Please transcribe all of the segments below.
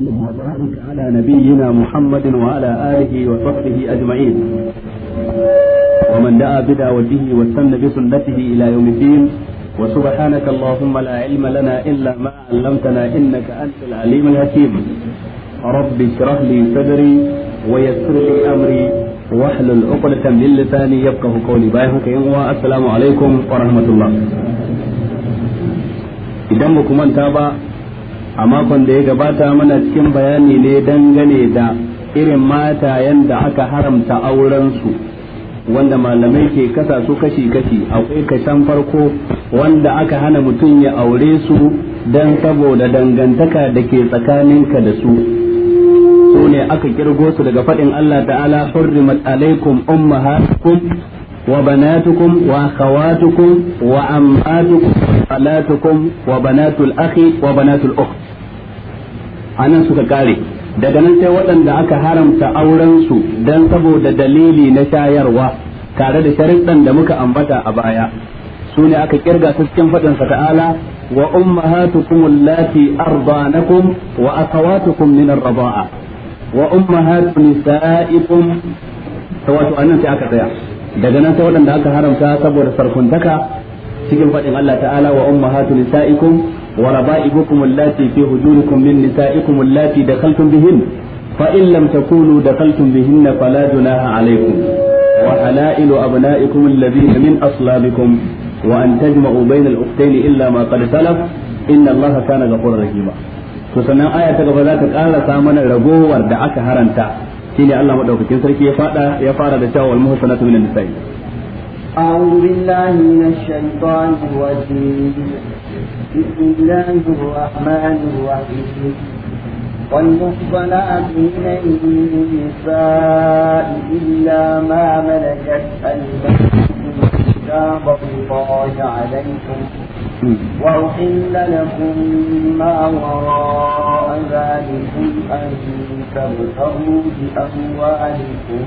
وبارك على نبينا محمد وعلى آله وصحبه أجمعين ومن دعا بدعوته واستنى بسنته إلى يوم الدين وسبحانك اللهم لا علم لنا إلا ما علمتنا إنك أنت العليم الحكيم رب اشرح لي صدري ويسر لي أمري واحلل عقدة من لساني يفقه قولي بايعك السلام عليكم ورحمة الله إذا مكمن a makon da ya gabata mana cikin bayani ne dangane da irin matayan da aka haramta aurensu wanda malamai ke kasa su kashi-kashi akwai kashen farko wanda aka hana mutum ya aure su don saboda dangantaka da ke tsakaninka da su su ne aka kirgo su daga faɗin Allah ta'ala hurrimat alaikum ummahatukum wa banatukum wa akhawatukum wa ammatukum wa banatul akhi wa banatul ukht anan suka kare daga nan sai waɗanda aka haramta aurensu don saboda dalili na shayarwa tare da sharuɗan da muka ambata a baya su ne aka kirga su cikin sa ta'ala wa ummahatukum allati ardanakum wa akhawatukum min ar-rida'a wa ummahatu nisa'ikum wato anan sai aka tsaya daga nan sai waɗanda aka haramta saboda sarkuntaka cikin faɗin Allah ta'ala wa ummahatu nisa'ikum وربائبكم اللاتي في هجوركم من نسائكم اللاتي دخلتم بهن فإن لم تكونوا دخلتم بهن فلا جناح عليكم وحلائل أبنائكم الذين من أصلابكم وأن تجمعوا بين الأختين إلا ما قد سلف إن الله كان غفورا رحيما فسنة آية تقبل ذاتك آلا سامنا ربوه وردعك هرنتا شيني الله مدعوك كنسرك يفعل يفعل دشاء والمهفنة من النسائي أعوذ بالله من الشيطان الرجيم بسم الله الرحمن الرحيم والمحصنات من النساء إلا ما ملكت أيمانكم كتاب الله عليكم وأحل لكم ما وراء ذلكم أن تبتغوا بأموالكم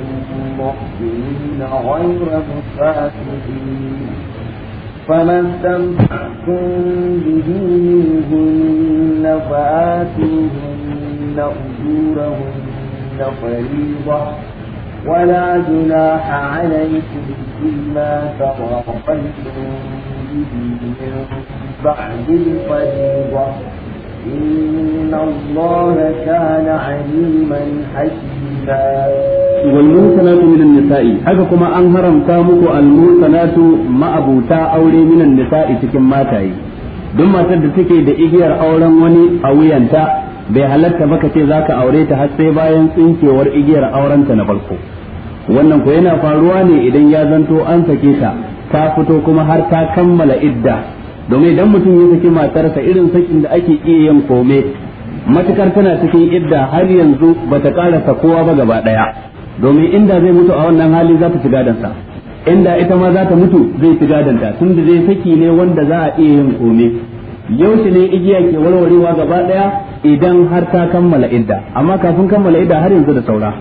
محسنين غير مسافرين فما استمتعتم به منهن فآتوهن أجورهن فريضة ولا جناح عليكم فيما تراقيتم به من بعد الفريضة إن الله كان عليما حكيما والمنسنات من النساء haka kuma an haramta muku almunsanatu ma'abuta aure minan nisa'i cikin mataye duk matar da take da igiyar auren wani a wuyanta bai halatta baka ce zaka aure ta har sai bayan tsinkewar igiyar aurenta na farko wannan ko yana faruwa ne idan ya zanto an sake ta ta fito kuma har ta kammala idda domin idan mutum ya saki matarsa irin sakin da ake iya yin kome matukar tana cikin idda har yanzu bata karasa kowa ba gaba daya domin inda zai mutu a wannan hali za ta shiga dansa inda ita ma za ta mutu zai shiga danta tun da zai saki ne wanda za a iya yin kome yaushe ne igiya ke warwarewa gaba daya idan har ta kammala idda amma kafin kammala idda har yanzu da saura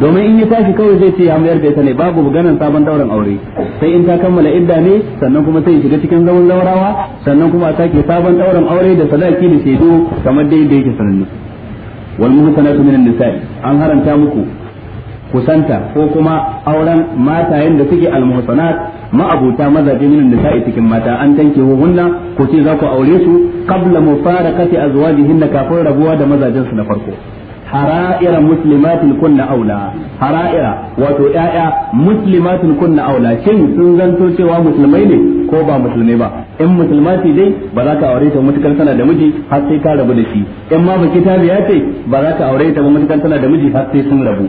domin in yi tashi kawai zai ce ya mayar da ita ne babu maganan sabon dauran aure sai in ta kammala idda ne sannan kuma sai shiga cikin zaman zaurawa sannan kuma a sake sabon dauran aure da sadaki da shaidu kamar dai da yake sananne wal muhsanatu minan nisa'i an haranta muku kusanta ko kuma auren matayen da suke al-muhsanat ma'abuta mazaje minan nisa'i cikin mata an tanke hunna ku ce za ku aure su qabla mufarakati azwajihinna kafin rabuwa da mazajen su na farko hara'ira muslimatin kunna aula hara'ira wato ƴaƴa muslimatin kunna aula shi sun zanto cewa musulmai ne ko ba musulmai ba in musulmati dai ba za ka aure ta mutukar tana da miji har sai ka rabu da shi in ma ta biya ce ba za ka aure ta ba mutukar tana da miji har sun rabu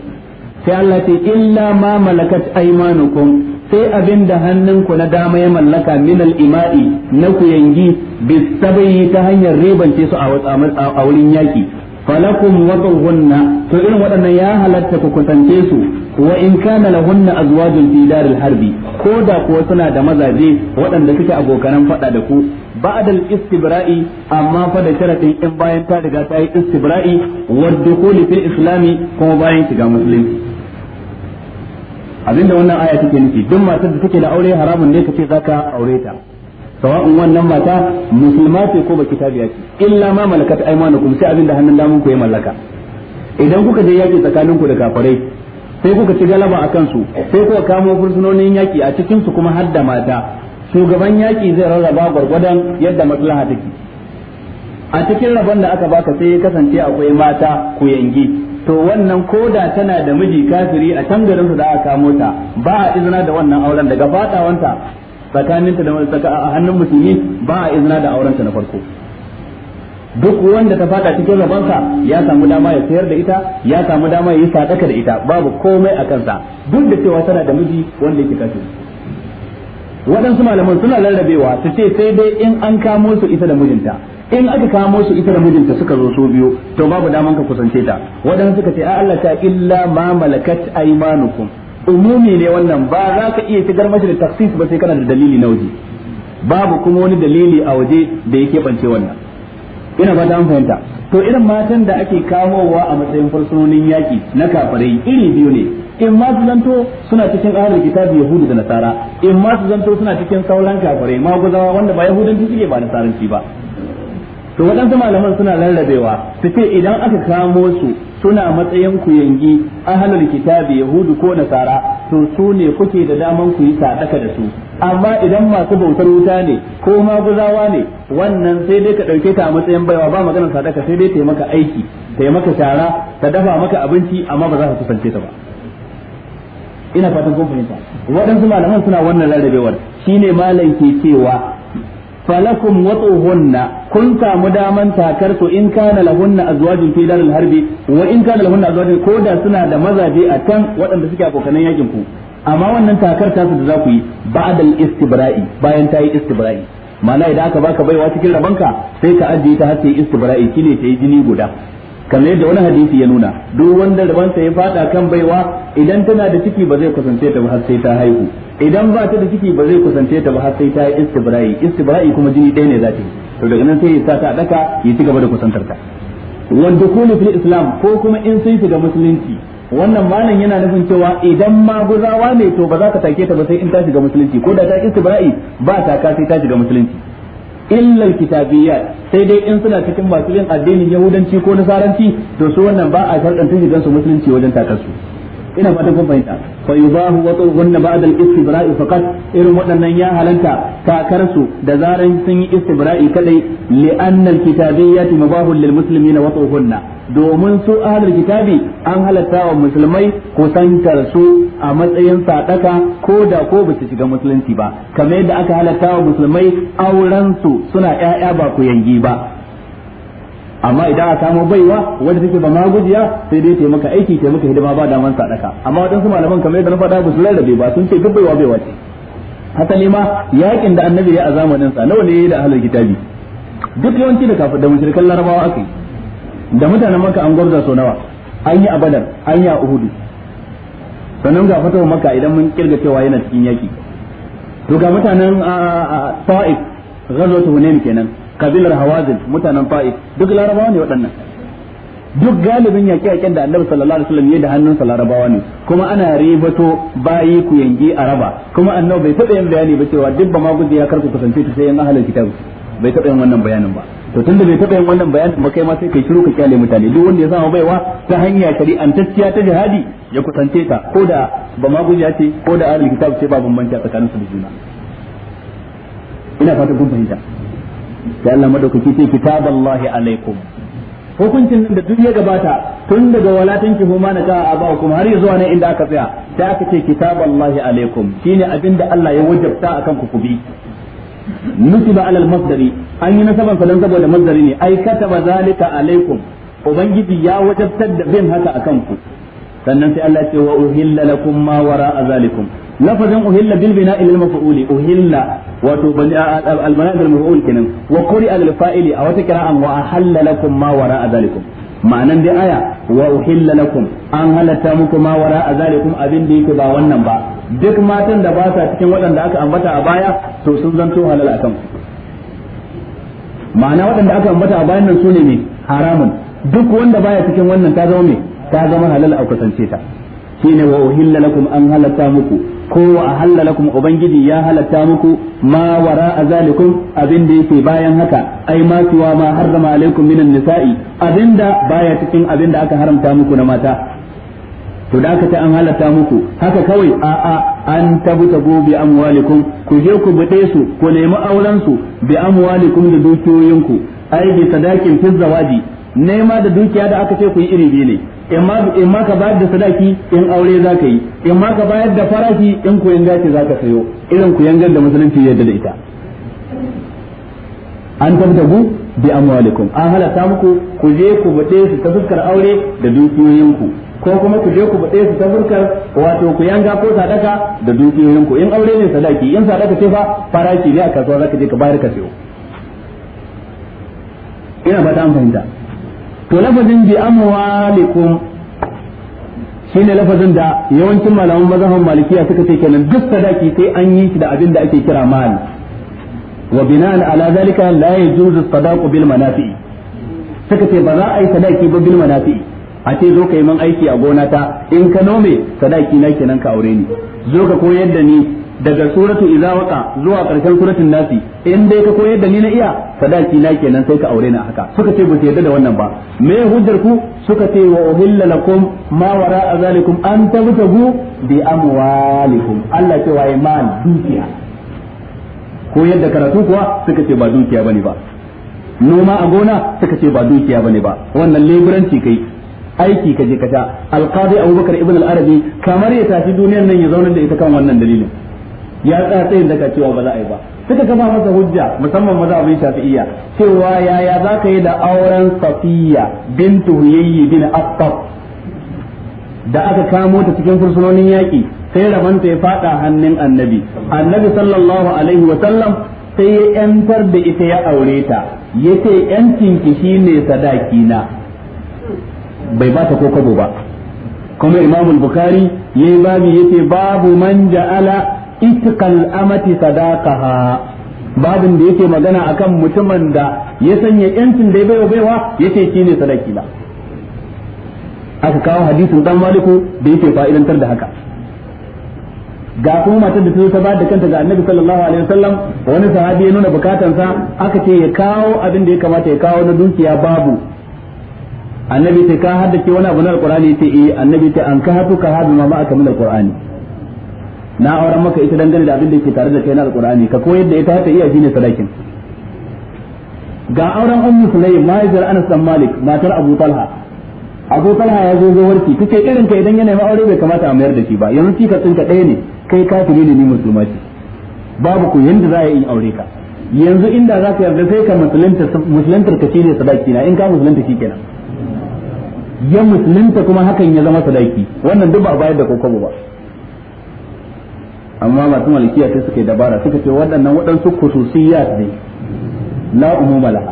sai Allah ce illa ma malakat aymanukum sai abinda da hannunku na dama ya mallaka minal al-ima'i na ku yangi bisabai ta hanyar ribance su a wurin yaki falakum wadawunna to irin waɗannan ya halatta ku kusance su wa in kana lahunna azwajun fi daril harbi ko da kuwa suna da mazaje waɗanda suke abokanan faɗa da ku ba'dal istibra'i amma fa da sharadin in bayan ta riga ta yi istibra'i wa dukhuli fil islami kuma bayan shiga musulunci abinda wannan aya take nufi duk matar da take da aure haramun ne kace zaka aure ta sawa'un wannan mata musulma ce ko baki tabiya ce illa ma malakat aymanukum sai abinda hannun damun ku ya mallaka idan kuka je yaki tsakanin ku da kafirai sai kuka ci galaba a kansu sai kuka kamo fursunonin yaki a cikinsu su kuma da mata shugaban yaki zai rarraba gwargwadon yadda maslaha take a cikin rabon da aka baka sai ya kasance akwai mata ku yangi to wannan koda tana da miji kafiri a can da aka kamo ta ba a izina da wannan auren daga fadawanta tsakaninta da tsaka a hannun musulmi ba a izina da aurenta na farko duk wanda ta fada cikin rabonsa ya samu dama ya sayar da ita ya samu dama ya yi sadaka da ita babu komai a kansa duk da cewa tana da miji wanda yake kashe waɗansu malaman suna lallabewa su ce sai dai in an kamo su ita da mijinta in aka kamo su ita da mijinta suka zo su biyu to babu daman ka kusance ta waɗansu suka ce a Allah ta illa ma malakat aymanukum umumi ne wannan ba za ka iya shigar mashi da taksis ba sai kana da dalili na waje babu kuma wani dalili a waje da ya keɓance wannan ina fata an fahimta to irin matan da ake kamowa a matsayin fursunonin yaƙi na kafirai iri biyu ne in ma su zanto suna cikin ahlul kitabi yahudu da nasara in ma su zanto suna cikin sauran kafirai maguzawa wanda ba yahudanci suke ba nasaranci ba to waɗansu malaman suna lallabewa su ce idan aka kamo su suna matsayin ku yangi ahlul kitabi yahudu ko nasara to su ne kuke da daman ku yi sadaka da su amma idan masu bautar wuta ne ko ma guzawa ne wannan sai dai ka dauke ta a matsayin baiwa ba magana sadaka sai dai ta maka aiki ta maka shara ta dafa maka abinci amma ba za ka kusance ta ba ina fatan kun fahimta waɗansu malaman suna wannan rarrabewar shine malam ke cewa falakum watuhunna kun kamu daman takar su in kana lahunna azwajin fi daril harbi wa in kana lahunna azwajin ko da suna da mazaje a can waɗanda suke abokanan yakin ku amma wannan takar tasu da za ku yi ba'dal istibra'i bayan ta yi istibra'i ma'ana idan aka baka baiwa cikin ka sai ka ajiye ta har istibra'i kine ta yi jini guda kamar da wani hadisi ya nuna duk wanda rabanta ya fada kan baiwa idan tana da ciki ba zai kasance ta ba har sai ta haihu idan ba ta da ciki ba zai kusance ta ba har sai ta yi istibra'i istibra'i kuma jini ɗaya ne za ta yi to daga nan sai ya sa ta a daka ya ci gaba da kusantar ta wanda kulu fil islam ko kuma in sun shiga musulunci wannan malam yana nufin cewa idan ma guzawa ne to ba za ka take ta ba sai in ta shiga musulunci ko da ta istibra'i ba ta ka sai ta shiga musulunci illal kitabiyya sai dai in suna cikin masu yin addinin yahudanci ko nasaranci to su wannan ba a sharɗan tun su musulunci wajen takarsu su ina fatan kun fahimta fa yubahu wa tuhunna ba'da al-istibra'i faqat irin waɗannan ya halanta kakar su da zaran sun yi istibra'i kadai li anna al-kitabiyyati mubahun lil muslimina wa tuhunna domin su ahlul kitabi an halatta wa musulmai kusantar su a matsayin sadaka ko da ko ba su shiga musulunci ba kamar yadda aka halatta wa musulmai auren su suna ƴaƴa ba ku yangi ba amma idan a samu baiwa wanda take ba magujiya sai dai taimaka aiki taimaka hidima ba daman sadaka amma wadansu malaman kamar yadda na faɗa ba su rarrabe ba sun ce duk baiwa baiwa ce ne ma yakin da annabi ya a zamanin sa nawa ne yayi da ahlul kitabi duk yawanci da kafin da mushrikan larabawa akai da mutanen maka an gwarza so nawa an yi a badar an yi a uhudu sannan ga fatawa maka idan mun kirga cewa yana cikin yaki to ga mutanen ta'if ghazwatu hunain kenan kabilar hawazin mutanen fa'i duk larabawa ne waɗannan duk galibin yaƙe-yaƙen da annabi sallallahu alaihi wasallam ya da hannunsa larabawa ne kuma ana ribato bayi ku yangi araba kuma annabi bai taɓa yin bayani ba cewa duk ba ma gudu ya karku kusance ta sai yan ahalin kitabu bai taɓa yin wannan bayanin ba to tunda bai taɓa yin wannan bayanin ba kai ma sai kai shiru ka kyale mutane duk wanda ya samu baiwa ta hanya shari'antacciya ta jihadi ya kusance ta ko da ba ma gudu ce ko da ahalin kitabu ce ba bambanci a tsakaninsu da juna ina fatan kun fahimta sai Allah madaukaki ce kitaballahi alaikum hukuncin da duk ya gabata tun daga walatan ki huma na ba kuma har zuwa nan inda aka tsaya sai aka ce kitaballahi alaikum shine abinda Allah ya wajabta akan ku kubi nusiba alal masdari an yi nasaban don saboda masdari ne ai kataba zalika alaikum ubangiji ya wajabtar da bin haka akan ku sannan sai Allah ce wa uhilla lakum ma wara'a zalikum lafazin uhilla bil bina'i lil maf'uli uhilla wato al bina'i lil maf'ul kenan wa quri'a lil fa'ili a wata kira'an wa ahalla lakum ma wara'a zalikum ma'anan dai aya wa uhilla lakum an halatta muku ma wara a zalikum abin da yake ba wannan ba duk matan da ba sa cikin waɗanda aka ambata a baya to sun zanto halal kan. ma'ana waɗanda aka ambata a bayan nan su ne haramun duk wanda baya cikin wannan ta zama mai ta zama halal a kusance ta shine wa uhilla lakum an halatta muku ko wa ahalla lakum ubangiji ya halatta muku ma wara azalikum abin da yake bayan haka ai ma siwa ma harrama alaikum minan nisa'i abinda baya cikin abinda aka haramta muku na mata to da aka ta an halatta muku haka kawai a a an tabuta bi amwalikum ku je ku bude su ku nemi auren su bi amwalikum da dukiyoyinku ai bi sadakin fi zawaji nema da dukiya da aka ce ku yi iri biyu ne in ma ka bayar da sadaki in aure za ka yi in ma ka bayar da farashi in kuyanga ce za ka sayo irin gan da musulunci yadda da ita an tabtagu bi amwalikum an halatta muku ku je ku bude su ta fuskar aure da dukiyoyinku ko kuma ku je ku bude su ta fuskar wato ku yanga ko sadaka da dukiyoyinku in aure ne sadaki in sadaka ce fa faraki ne a kasuwa zaka je ka bayar ka sayo ina ba ta fahimta to lafazin bi amwalikum shine lafazin da yawancin malaman mazhaban malikiya suka ce kenan duk sadaki sai an yi shi da abin da ake kira mal wa bina'an ala zalika la yajuzu sadaqu bil manafi suka ce ba za a yi sadaki ba bil manafi a ce zo ka yi man aiki a gona ta in ka nome sadaki na kenan ka aure ni zo ka koyar da ni daga suratu idza waqa zuwa karshen suratul nasi in dai ka koyar da ni na iya sadaki na kenan sai ka aure na haka suka ce ba su yarda da wannan ba me hujjar ku suka ce wa uhilla lakum ma wara azalikum an tabtagu bi amwalikum Allah ce wa iman dukiya ko yadda karatu kuwa suka ce ba dukiya bane ba noma a gona suka ce ba dukiya bane ba wannan leburanci kai aiki kaje ka sha alqadi abubakar ibn al-arabi kamar ya tafi duniyar nan ya zauna da ita kan wannan dalilin ya tsaya tsayin daga cewa ba za a yi ba suka kama masa hujja musamman maza abin shafi'iyya cewa yaya za ka yi da auren safiya bintu huyayyi bin asfaf da aka kamo ta cikin fursunonin yaƙi sai rabanta ya faɗa hannun annabi annabi sallallahu alaihi wa sallam sai ya yantar da ita ya aure ta ya ce yancin ki shine sadaki na bai ba ta ko kabo ba kuma imamul bukari yayi babu yace babu man ja'ala itkal amati sadaqaha babin da yake magana akan mutumin da ya sanya yancin da ya baiwa baiwa yace shine sadaki ba aka kawo hadisin dan maliku da yake fa'idantar da haka ga kuma matar da ta ba da kanta ga annabi sallallahu alaihi wasallam wani sahabi ya nuna sa aka ce ya kawo abin da ya kamata ya kawo na dukiya babu annabi ta ka haddace wani abu na alqur'ani ta eh annabi ta an ka ka hadu ma aka min alqur'ani na auren maka ita dangane da abin da yake tare da kai na alkurani ka koyar da ita haka iya shine sadakin ga auren ummu sulaim mahaifiyar anas dan malik matar abu talha abu talha ya zo zo warki kace irin ka idan yana aure bai kamata a mayar da shi ba yanzu kika ka ɗaya ne kai kafiri ne ni musulma ce babu ku yanda za a yi aure ka yanzu inda za ka yarda sai ka musulunta ka shine sadaki na in ka musulunta kenan ya musulunta kuma hakan ya zama sadaki wannan duk ba bayar da kokobo ba amma masu malikiya sai suka yi dabara suka ce waɗannan waɗansu khususiyat ne la umumala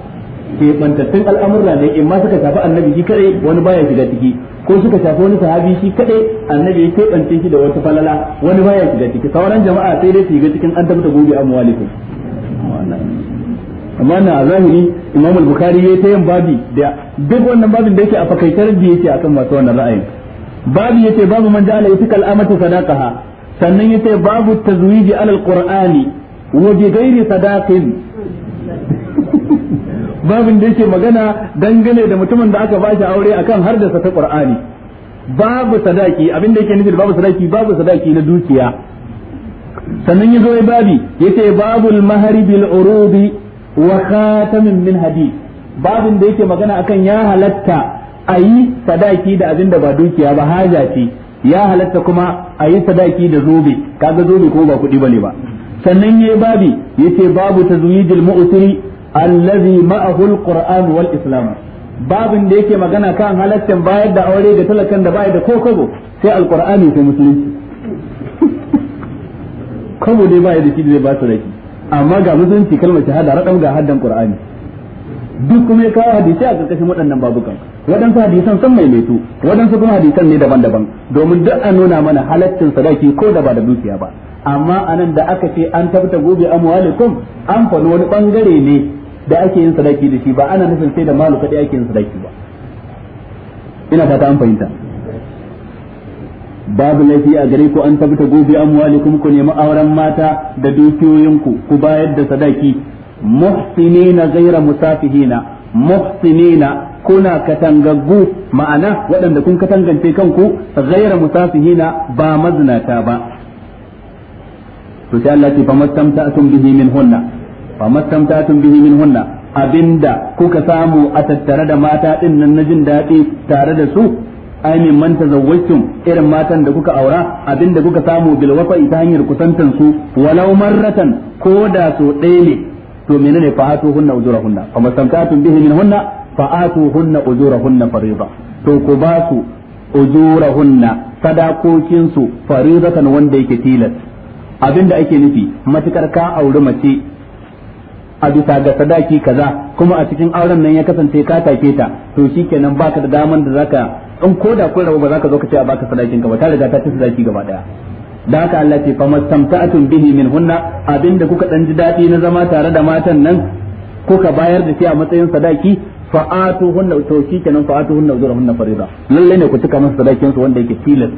ke bantattun al'amurra ne in ma suka shafi annabi shi kadai wani baya shiga ciki ko suka shafi wani sahabi shi kadai annabi ya keɓance shi da wata falala wani baya shiga ciki sauran jama'a sai dai su shiga cikin an tabbata gobe amwalikum amma na a zahiri imam al-bukhari yi ta yin babi da duk wannan babin da yake a fakaitar da yake akan masu wannan ra'ayin babi yace babu man ja'ala yatika amatu sadaqaha sannan yace babu tazwiji alal qur'ani wa bi ghairi sadaqin babin da yake magana dangane da mutumin da aka ba shi aure akan har da ta qur'ani babu sadaki abin da yake nufi babu sadaki babu sadaki na dukiya sannan yazo ya babi yace babul mahari bil urudi wa khatamin min hadid babin da yake magana akan ya halatta ayi sadaki da abin da ba dukiya ba haja ce ya halatta kuma a yi sadaki da zobe kaga zobe ko ba kuɗi bane ba sannan yayi babi yace babu tazwijil mu'tiri allazi ma'ahu alquran wal islam babin da yake magana kan halaccin bayar da aure da talakan da bayar da ko kago sai alqur'ani sai musulunci kabo dai bayar da shi zai ba sadaki amma ga musulunci kalmar shahada radam ga haddan qur'ani duk kuma ya kawo hadisi a karkashin waɗannan babukan waɗansu hadisan sun maimaito waɗansu kuma hadisan ne daban-daban domin duk an nuna mana halaccin sadaki ko da ba da dukiya ba amma anan da aka ce an tabta gobe amwalikum an faɗi wani bangare ne da ake yin sadaki da shi ba ana nufin sai da malu kaɗai ake yin sadaki ba ina fata an fahimta babu laifi a gare ku an tabta gobe amwalikum ku nemi auren mata da dukiyoyinku ku bayar da sadaki muhsinina ghayra musafihina muhsinina kuna katangaggu ma'ana waɗanda kun katangance kanku ghayra musafihina ba mazinata ba to sai Allah ce fa mastamta'tum bihi min hunna fa mastamta'tum bihi min hunna abinda kuka samu a tattare da mata din nan na jin daɗi tare da su ai min man tazawwajtum irin matan da kuka aura abinda kuka samu bil wafa'i ta hanyar kusantan su walau marratan ko da so ɗaya ne to menene fa atu hunna ujurahunna fa masamtatun bihi min hunna fa atu hunna ujurahunna fariida to ku ba su ujurahunna sadakokin su fariidatan wanda yake tilas abinda ake nufi matukar ka auri mace a bisa ga sadaki kaza kuma a cikin auren nan ya kasance ka take ta to shikenan baka da daman da zaka in koda kun rabu ba zaka zo ka ce a baka sadakin ka ba ta riga ta ci sadaki gaba daya da haka Allah ce tamta'atun bihi min hunna abinda kuka dan ji dadi na zama tare da matan nan kuka bayar da shi a matsayin sadaki fa'atu hunna to shikenan fa'atu hunna uzura hunna fariza lalle ne ku cika masa sadakin su wanda yake tilas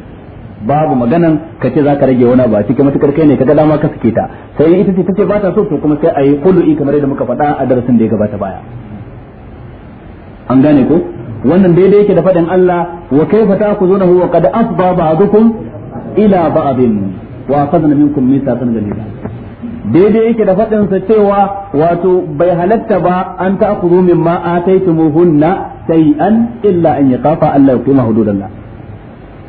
babu maganan ka ce zaka rage wani ba cikin matukar kai ne kaga dama ka suke ta sai ita ce tace ba ta so to kuma sai ayi i kamar yadda muka faɗa a darasin da ya gabata baya an gane ko wannan daidai yake da faɗin Allah wa kaifa ta'khudunahu wa qad asbaba ba'dukum ila ba'din wa akhadna minkum mithaqan ghaliza daidai yake da faɗin sa cewa wato bai halatta ba an min ma ataytumuhunna shay'an illa an yaqafa Allah kuma hududallah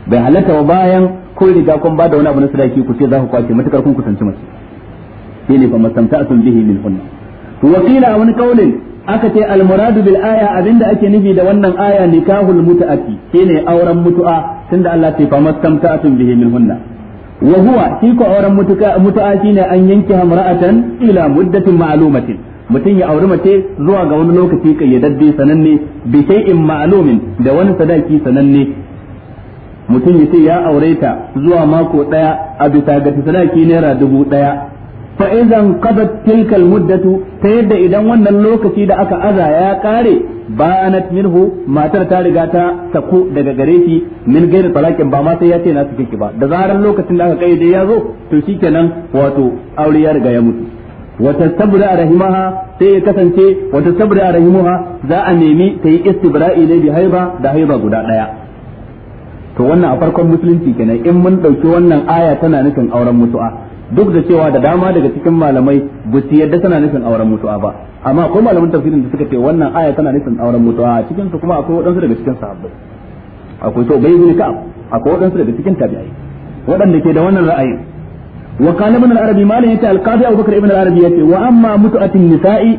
bai halatta ba bayan ko riga kun ba da wani abu na sadaki ku ce za ku kwace matukar kun kusanci mace shi ne fa mastamta'atun bihi min hunna to wakila a wani kaulin aka ce al muradu bil aya abinda ake nufi da wannan aya nikahul muta'ati shine auren mutu'a tunda Allah ta fama tamta'atun bihi min hunna wa huwa shi ko auren mutuka mutu'a shine an yanki hamra'atan ila muddatin ma'lumatin mutum ya auri mace zuwa ga wani lokaci kayyadadde sananne bi shay'in ma'lumin da wani sadaki sananne mutum ya ce ya aure ta zuwa mako daya a bisa ga sadaki naira dubu daya fa idan qadat tilka muddatu ta yadda idan wannan lokaci da aka aza ya kare ba'anat minhu matar ta riga ta taku daga gare shi min gairi talakin ba ma sai ya ce na sake ki ba da zarar lokacin da aka dai ya zo to shikenan wato aure ya riga ya mutu wata sabra rahimaha sai ya kasance wata sabra rahimaha za a nemi ta yi istibra'i ne bi haiba da haiba guda daya to wannan a farkon musulunci kenan in mun dauki wannan aya tana nufin auren mutu'a duk da cewa da dama daga cikin malamai ba su yadda tana nufin auren mutuwa ba amma akwai malaman tafsirin da suka ce wannan aya tana nufin auren mutuwa a cikin su kuma akwai waɗansu daga cikin sahabbai akwai to bai bin ka'ab akwai waɗansu daga cikin tabi'ai waɗanda ke da wannan ra'ayin wa kana ibn al-arabi malam yace al-qadi abubakar ibn al-arabi yace wa amma mutu'atin nisa'i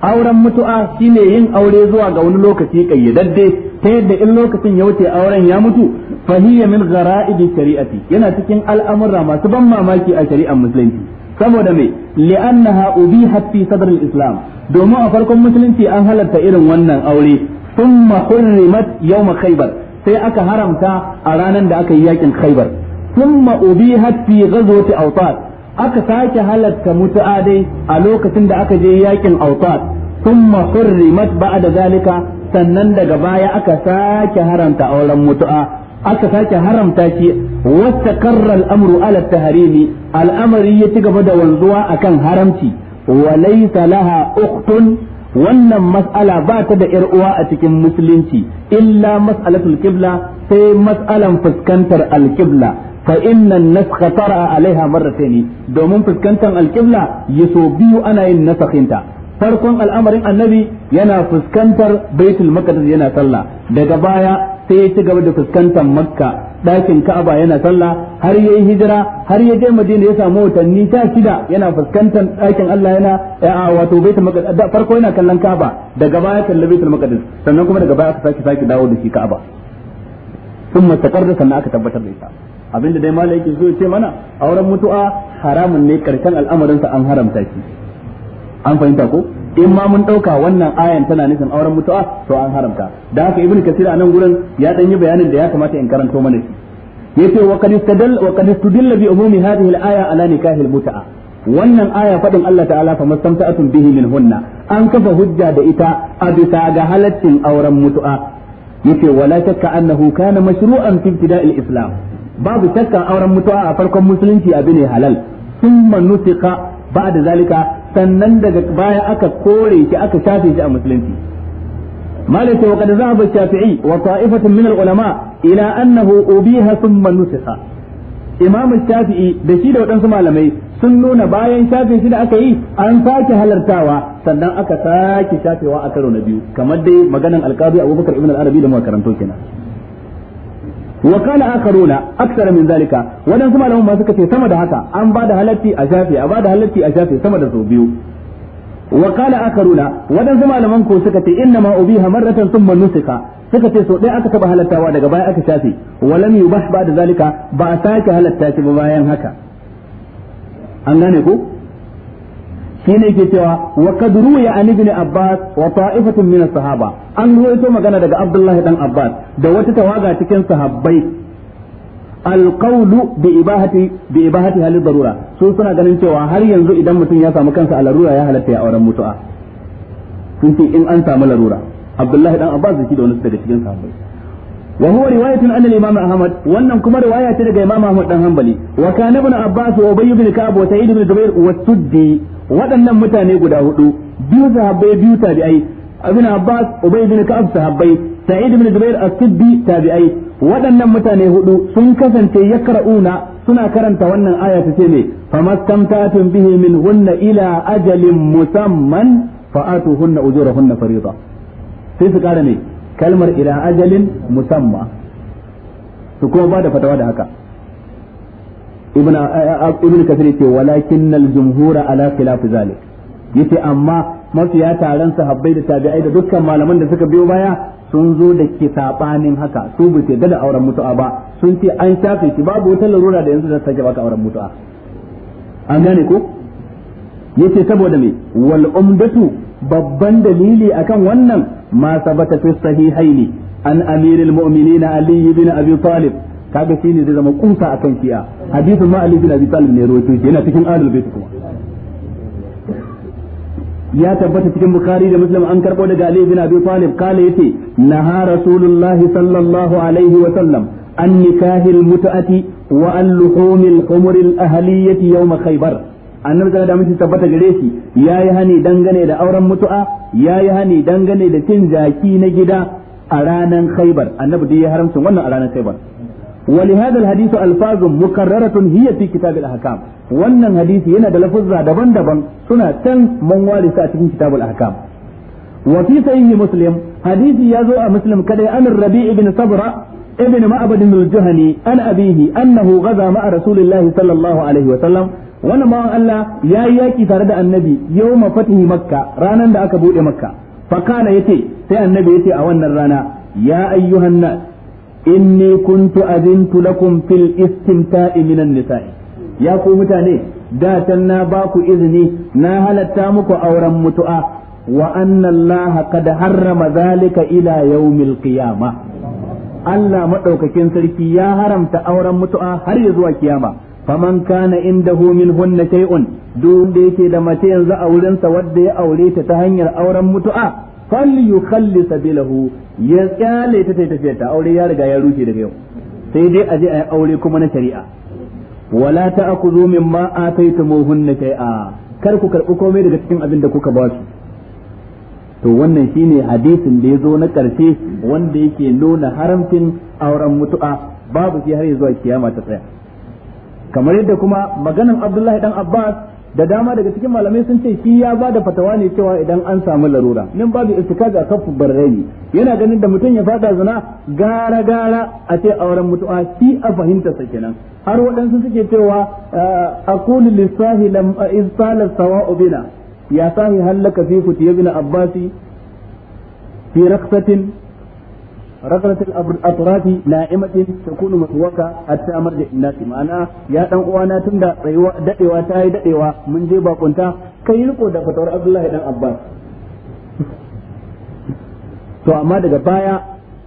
auren mutu'a shine yin aure zuwa ga wani lokaci kayyadadde ta yadda in lokacin ya wuce auren ya mutu fahiyya min ghara'ibi shari'ati yana cikin al'amura masu ban mamaki a shari'ar musulunci saboda me li'annaha ubihat fi sadr al-islam domin a farkon musulunci an halarta irin wannan aure thumma hurrimat yawm khaybar sai aka haramta a ranar da aka yi yakin khaybar thumma ubihat fi ghazwati awtad aka sake halatta mutu'a dai a lokacin da aka je yakin autat thumma hurrimat ba'da zalika sannan daga baya aka sake haramta auren mutu'a aka sake haramta shi wata karra al'amuru ala taharimi al'amari ya ci gaba da wanzuwa akan haramci wa laysa laha ukhtun wannan mas'ala ba ta da uwa a cikin musulunci illa mas'alatul qibla sai mas'alan fuskantar alkibla fa inna an-nasakha tara alaiha marratayn domin fuskantar alkibla yaso biyu ana yin nasakhinta farkon al'amarin annabi yana fuskantar baitul maqdis yana sallah daga baya sai ya ci gaba da fuskantar makka ɗakin Ka'aba yana sallah har yayi hijira har ya je Madina ya samu watanni ta shida yana fuskantar ɗakin Allah yana eh, a wato Baitul Maqdis farko yana kallon Ka'aba daga baya kallon Baitul Maqdis sannan kuma daga baya aka sake sake dawo da shi Ka'aba sun da sannan aka tabbatar da ita abinda dai malai yake so ya ce mana auren mutu'a haramun ne karshen al'amarin sa an haramta shi an fahimta ko in ma mun dauka wannan ayan tana nufin auren mutuwa to an haramta da haka ibnu kasir a nan gurin ya dan yi bayanin da ya kamata in karanto mana shi yace wa qad istadalla wa qad istadalla bi umumi hadhihi al-aya ala nikahi al-mut'a wannan aya fadin Allah ta'ala fa mastamta'atun bihi min hunna an kafa hujja da ita a bisa ga halaccin auren mutu'a yace wala shakka annahu kana mashru'an fi ibtida'il islam babu shakka auren mutuwa a farkon musulunci abu ne halal thumma nutiqa ba'da zalika sannan daga baya aka kore shi aka shafe shi a musulunci مالك وقد ذهب الشافعي وطائفة من العلماء إلى أنه أبيها ثم نسخ إمام الشافعي دشيد وتنسم علمي سنون باين شافعي سنة أكي أن ساك هلرتاوا سنة أكا ساك شافعي وأكرو نبيو كما دي مغانا القاضي أبو بكر ابن العربي لما كرمتو كنا wa kana aksar aksara min zalika wadan kuma malaman suka ce sama da haka an bada halatti a shafi a bada halatti a shafe sama da sau biyu wa kana akharuna wadan kuma malaman ko suka ce inna ma ubiha hamarratan sun nusika suka ce sau ɗaya aka taba halattawa daga baya aka shafe wa lam yubah ba'da zalika ba a sake halarta shi ba bayan haka an gane ko shine ke cewa wa kad ruya an ibn abbas wa ta'ifatun min sahaba an ruwaito magana daga abdullahi dan abbas da wata tawaga cikin sahabbai alqawlu bi ibahati bi ibahati suna ganin cewa har yanzu idan mutum ya samu kansa a larura ya halatta ya auren mutu'a sun ce in an samu larura abdullahi dan abbas zai da wani daga cikin sahabbai wa huwa riwayatun an al-imam ahmad wannan kuma riwaya ce daga imam ahmad dan hanbali wa kana abbas wa ubay ibn ka'ab wa sa'id waɗannan mutane guda hudu biyu sahabbai biyu tabi'ai abin abbas ubay bin ka'ab sahabbai sa'id bin zubair as-siddi tabi'ai waɗannan mutane hudu sun kasance yakra'una suna karanta wannan aya ta ce ne famastamtatun bihi min hunna ila ajalin musamman fa'atuhunna ujurahunna fariida sai su kara ne kalmar ila ajalin musamma su kuma ba da fatawa da haka ibn ibn kasir yace walakin al jumhur ala khilaf zalik yace amma mafiya taron sahabbai da tabi'ai da dukkan malaman da suka biyo baya sun zo da ke sabanin haka su ba su da auren mutu'a ba sun ce an shafe shi babu wata larura da yanzu da sake baka auren mutu'a an gane ko yace saboda me wal umdatu babban dalili akan wannan ma sabata fi sahihaini an amiril mu'minin ali ibn abi talib kaga shi ne zai zama kusa akan kiya hadisin ma Ali bin Abi Talib ne rawaito shi yana cikin Ahlul Bait kuma ya tabbata cikin Bukhari da Muslim an karbo daga Ali bin Abi Talib kale yace naha Rasulullahi sallallahu alaihi wa sallam an nikahil mutaati wa an luhumil humuril ahliyati yawm Khaybar annabi da alaihi tabbata gare shi yayi hani dangane da auren mutu'a yayi hani dangane da cin jaki na gida a ranan khaybar annabi dai ya haramta wannan a ranan khaybar ولهذا الحديث ألفاظ مكررة هي في كتاب الأحكام wannan hadisi yana da lafuzza daban-daban suna can man warisa a cikin kitabul ahkam wa fi sahihi muslim hadisi ya zo a muslim kadai an rabi ibn sabra ibn ma'bad al-juhani an abihi annahu ghaza ma'a rasulillahi sallallahu alaihi wa sallam wannan ma Allah ya yi yaki tare da annabi yawma fatihi makka ranar da aka bude makka fa kana yace sai annabi yace a wannan rana ya ayyuhan inni kuntu azintu lakum fil istimta'i minan nisa'i ya ku mutane da can na ba ku izini na halatta muku auren mutu'a wa anna allaha qad harrama zalika ila yawmil qiyamah Allah madaukakin sarki ya haramta auren mutu'a har ya zuwa kiyama faman kana indahu minhunna shay'un duk da yake da mace yanzu a wurinsa wadda ya aure ta ta hanyar auren mutu'a fal yukhalli sabilahu ya tsale ta tai tafiyar ta aure ya riga ya rushe daga yau sai dai aje a yi aure kuma na shari'a wala ta'khudhu mimma ataytumuhunna shay'a kar ku karɓi komai daga cikin abin da kuka ba su to wannan shine hadisin da ya zo na karshe wanda yake nuna haramcin auren mutu'a babu shi har zuwa kiyama ta tsaya kamar yadda kuma maganan Abdullahi dan Abbas da dama daga cikin malamai sun ce shi ya ba da fatawa ne cewa idan an samu larura nan babu istikaz a kafu barrani yana ganin da mutum ya fada zina gara gara a ce auren mutuwa shi a fahimta sa kenan har waɗansu suke cewa ah, aqulu lisahi lam isala sawa'u bina ya sahi halaka fi kutiyabina abbasi fi raqsatin raqalat al-atraf na'imatin takunu maswaka hatta marja innasi ma'ana ya dan uwana tunda tsayuwa ta yi dadewa mun je bakunta kai riko da fatawar Abdullahi dan Abbas to amma daga baya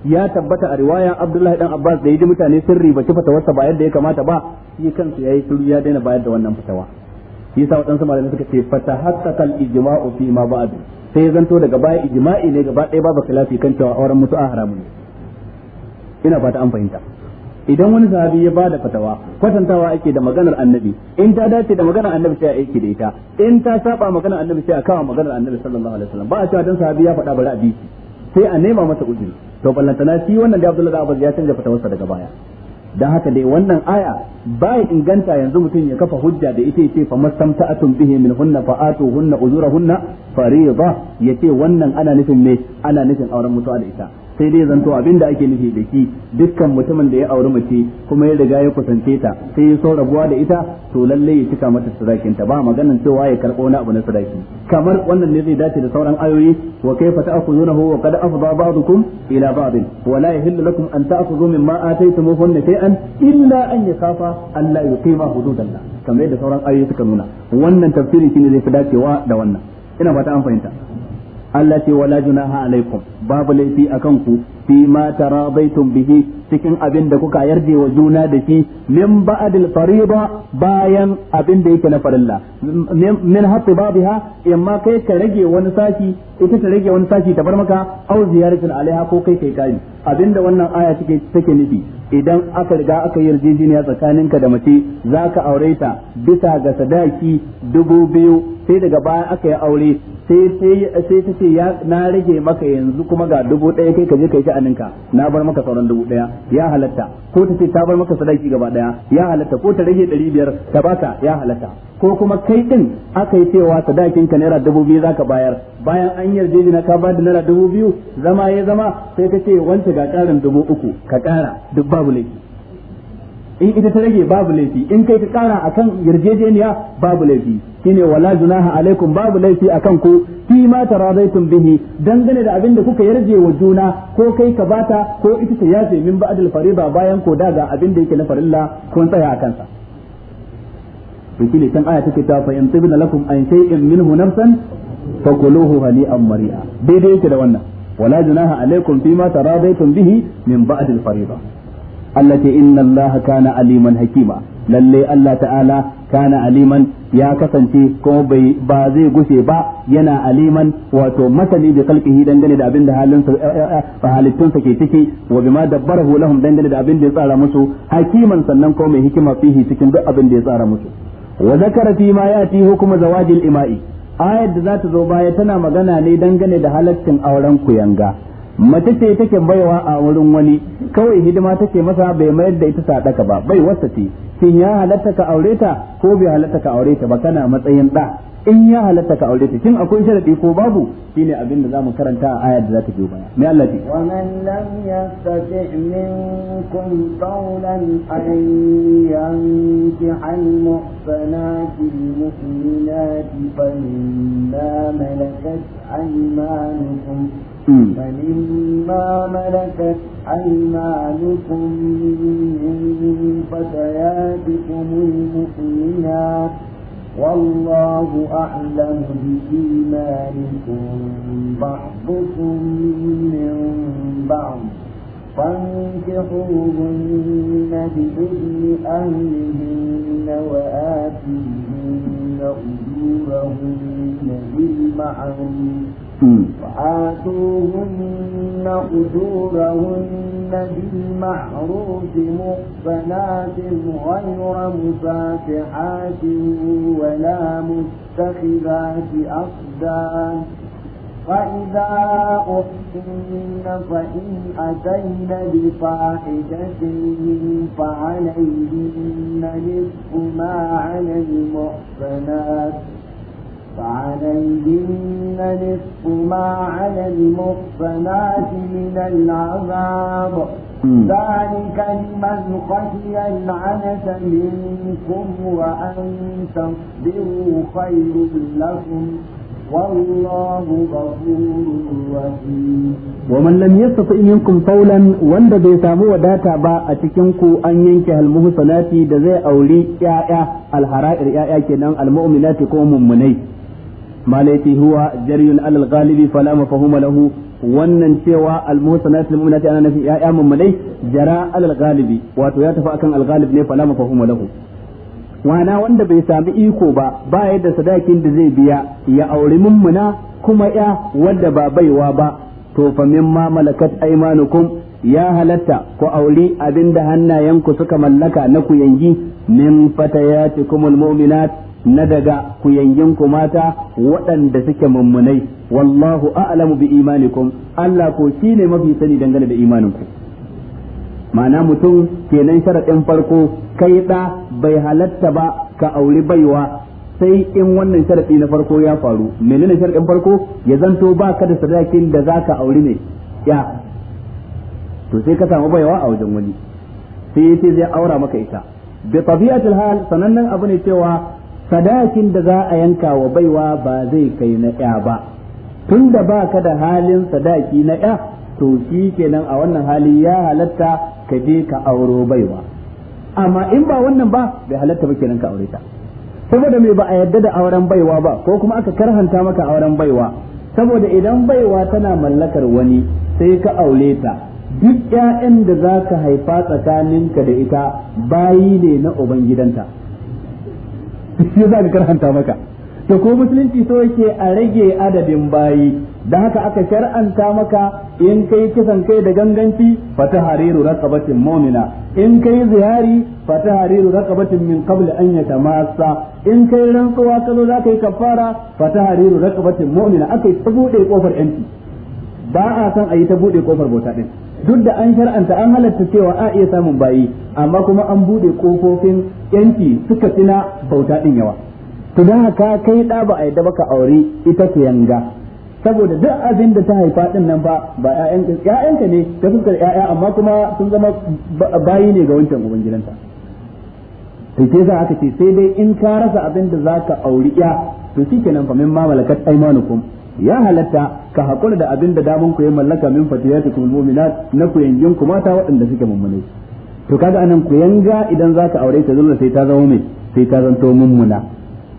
ya tabbata a riwaya Abdullahi dan Abbas da yi mutane sirri ba ci fatawarsa ba yadda ya kamata ba shi kansu yayi shiru ya daina bayar da wannan fatawa shi yasa waɗansu malamai suka ce fata al-ijma'u fi ma ba'd sai ya zanto daga baya ijma'i ne gaba ɗaya babu khilafi kan cewa auren mutu'a haramun ne ina fata an fahimta idan wani sahabi ya bada fatawa kwatantawa ake da maganar annabi in ta dace da maganar annabi sai a aiki da ita in ta saba maganar annabi sai a kawo maganar annabi sallallahu alaihi wasallam ba a cewa dan sahabi ya faɗa bari a bi sai a nema masa ujiri to ballantana shi wannan da Abdullahi Abbas ya canza fatawarsa daga baya dan haka dai wannan aya ba ya inganta yanzu mutum ya kafa hujja da ita yace fa mastamta'atun bihi min hunna fa hunna uzurahunna fariida yace wannan ana nufin me ana nufin auren mutuwa da ita sai dai zanto abin da ake nufi da shi dukkan mutumin da ya auri mace kuma ya riga ya kusance ta sai ya so rabuwa da ita to lalle ya cika mata sadakin ta ba maganan cewa ya karɓo wani abu na sadaki kamar wannan ne zai dace da sauran ayoyi wa kayfa ta'khudunahu wa qad afdha ba'dukum ila ba'd wa la yahillu lakum an ta'khudhu mimma ataytumuhunna shay'an illa an yakhafa an la yuqima hududallah kamar yadda sauran ayoyi suka nuna wannan tafsiri shine zai fi dacewa da wannan ina fata an fahimta Allah ce wala junaha alaikum babu laifi a kanku fi ma taradaitum bihi cikin abin da kuka yarje wa juna da shi min ba'dil fariida bayan abin da yake na farilla min hatta babiha imma kai ka rage wani sashi ita ta rage wani sashi ta bar maka au ziyaratin alaiha ko kai kai kai abinda wannan aya take take nufi idan aka riga aka yarjejeniya tsakaninka da mace zaka aure ta bisa ga sadaki dubu biyu sai daga baya aka yi aure sai tace ya na rage maka yanzu kuma ga dubu ɗaya kai ka je kai ka na bar maka sauran dubu ɗaya ya halatta ko tace ta bar maka sadaki gaba ɗaya ya halatta ko ta rage ɗari biyar ta baka ya halatta ko kuma kai din aka yi cewa sadakin ka naira dubu biyu zaka bayar bayan an yarda ka bada naira dubu biyu zama ya zama sai ka ce wance ga ƙarin dubu uku ka ƙara duk babu laifi in ita ta rage babu laifi in kai ka kara akan yarjejeniya babu laifi shine wala junaha alaikum babu laifi akan ku fi ma taradaitum bihi dangane da abin da kuka yarje wa juna ko kai ka bata ko ita ta yace min ba'dal fariba bayan ko daga abin da yake na farilla kun tsaya akan sa to shine aya take ta fa in tibna lakum an shay'in minhu nafsan fakuluhu mari'a daidai yake da wannan wala junaha alaikum fi ma taradaitum bihi min ba'dal fariba Allah in inna kana aliman hakima lalle Allah ta'ala kana aliman ya kasance kuma bai ba zai gushe ba yana aliman wato masani bi khalqihi dangane da abin da eh, eh, eh, halittunsa ke ciki wa bima dabbarahu lahum dangane da abin da ya tsara musu hakiman sannan kuma mai hikima fihi cikin duk abin da ya tsara musu wa zakara fi ma yati hukuma zawajil ima'i ayat da za ta zo baya tana magana ne dangane da halaccin auren kuyanga mace ce take baiwa a wurin wani kawai hidima take masa bai mayar da ita sadaka ba bai wasa ce shin ya halatta ka aure ta ko bai halatta ka aure ta ba kana matsayin da in ya halatta ka aure ta shin akwai sharadi ko babu shine abin da zamu karanta a ayar da za ta baya mai Allah ce wa man lam yastati minkum qawlan an yankiha al-muhsanati al-mu'minati fa malakat aymanukum فمما ملكت أيمانكم من فتياتكم المؤمنات والله أعلم بإيمانكم بعضكم من بعض فانكحوهن بإذن أهلهن وآتيهن أجورهن بالمعروف وآتوهن أجورهن بالمعروف محصنات غير مفاتحات ولا متخذات أقدام فإذا أحسن فإن أتين بفاحشة فعليهن نصف ما على المحصنات وعلى الجن نصف ما على المحصنات من العذاب ذلك لمن خشي العنة منكم وأن تصبروا خير لكم والله غفور رحيم ومن لم يستطع منكم طولا وند بي سامو وداتا با a cikin ku an yanke almuhsanati da zai auri ya'ya alhara'ir ya'ya kenan almu'minati ko mummunai tihuwa huwa jaryun alal ghalibi fala mafhuma lahu wannan cewa al muhsanat al mu'minati ana nafi ya'ya mummalai jara alal ghalibi wato ya tafi akan al ghalib ne fala mafhuma lahu wana wanda bai sami iko ba ba yadda sadakin da zai biya ya auri mummuna kuma ya wanda ba baiwa ba to fa mimma malakat aymanukum ya halatta ku auri abinda hannayenku suka mallaka na ku yangi min fatayatikumul mu'minat na daga ku yanyin ku mata waɗanda suke mummunai wallahu a'lamu bi imanikum Allah ko shine mafi sani dangane da imaninku ma'ana mutum kenan sharaɗin farko kai da bai halatta ba ka auri baiwa sai in wannan sharaɗi na farko ya faru menene sharaɗin farko ya zanto ba ka da sadakin da za ka auri ne ya to sai ka samu baiwa a wajen wani sai ya ce zai aura maka ita bi tabi'atul hal sanannen abu ne cewa sadakin da za a yanka wa baiwa ba zai kai na ya ba tun da ba ka da halin sadaki na ya to shi kenan a wannan hali ya halatta ka je ka auro baiwa amma in ba wannan ba bai halatta ba kenan ka aure ta saboda me ba a yadda da auren baiwa ba ko kuma aka karhanta maka auren baiwa saboda idan baiwa tana mallakar wani sai ka aure ta duk ƴaƴan da za ka haifa tsakaninka da ita bayi ne na ubangidanta shi za ka karhanta maka to ko musulunci so yake a rage adadin bayi da haka aka shar'anta maka in kai kisan kai da ganganci fa raqabatin mu'mina in kai zihari fa tahriru raqabatin min qabl an yatamassa in kai rantsuwa kazo zo ka yi kafara fa tahriru raqabatin mu'mina akai ta bude kofar yanci ba a san a yi ta bude kofar bota din duk da an shar'anta an halatta cewa a iya samun bayi amma kuma an bude kofofin yanci suka tina bauta din yawa to don haka kai da ba a yadda baka aure ita yanga saboda duk abin da ta haifa din nan ba ba ƴaƴan ƴaƴanka ne da fuskar ƴaƴa amma kuma sun zama bayi ne ga wancan ubangidanta to sai aka ce sai dai in ka rasa abin da zaka auri ya to shikenan fa min ma malakat aymanukum ya halatta ka hakura da abin da daman ku ya mallaka min fatiyatikum mu'minat na ku yanjin ku mata waɗanda suke mummune to kaga anan ku yanga idan zaka aure ta dole sai ta zama mai sai ta zanto mummuna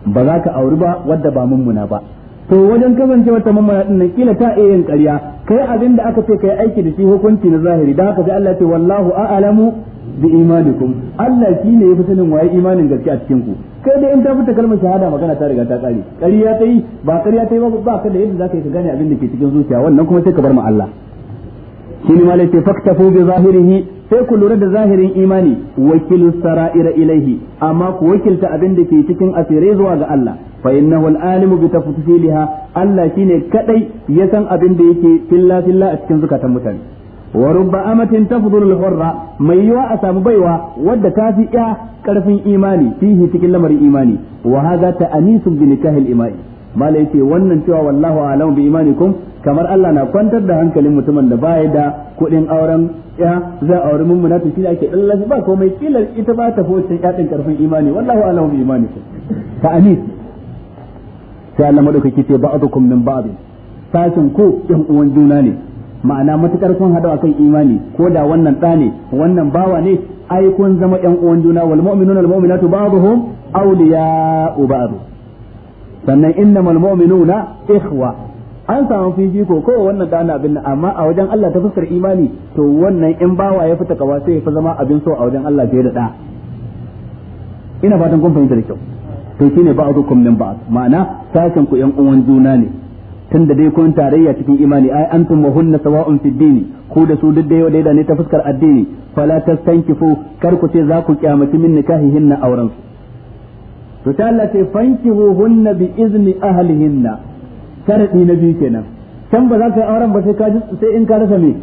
ba za ka auri ba wadda ba mummuna ba to wajen kasance wata mummuna din nan kila ta iya yin ƙarya kai abin da aka ce kai aiki da shi hukunci na zahiri da haka sai Allah ya ce wallahu a'lamu bi imanikum Allah shi ne ya fi sanin waye imanin gaske a cikin ku kai dai in ta fita kalmar shahada magana ta riga ta tsare ƙarya ta yi ba ƙarya ta yi ba ka da yadda zaka yi ka gane abin da ke cikin zuciya wannan kuma sai ka bar mu Allah shi ne malai ce faktafu bi zahirihi sai ku lura da zahirin imani wakilu sara'ira ilaihi amma ku wakilta abin da ke cikin asirai zuwa ga Allah fa innahu alimu bi tafsiliha Allah shine kadai ya san abin da yake filla filla a cikin zukatan mutane wa rubba amatin ta al-hurra mai yiwa a samu baiwa wadda ta fi ya karfin imani fihi cikin lamarin imani wa hadha ta'anisun bi nikahil imani mala yace wannan cewa wallahu a'lamu bi imanikum kamar Allah na kwantar da hankalin mutumin da baya da kuɗin auren ya za a aure mummuna to shi ake dan ba komai kila ita ba ta yaɗin yadin karfin imani wallahu a'lamu bi imanikum ta'anis sai Allah madaukaki ce ba'dukum min ba'd sashin ko yan uwan juna ne ma'ana matukar kun hada akan imani ko da wannan ɗa ne wannan bawa ne ai kun zama ƴan uwan juna wal mu'minuna wal mu'minatu ba'dhum awliya'u ba'd sannan innamal mu'minuna ikhwa an samu fifiko ko wannan da na abin amma a wajen Allah ta fuskar imani to wannan in bawa ya fita kawa sai ya fi zama abin so a wajen Allah fiye da da ina fatan kun fahimta da kyau to shine ba'dukum min ba'd ma'ana sakin ku ƴan uwan juna ne tun da dai kun tarayya cikin imani ai antum ma hunna sawa'un fid dini ku da su duk da yau daida ne ta fuskar addini fala tastankifu kar ku ce za ku kyamaci min nikahihinna auren su to ta Allah ce fankihu hunna bi izni ahlihinna sharadi na biyu kenan can ba za ka yi auren ba sai ka sai in ka rasa me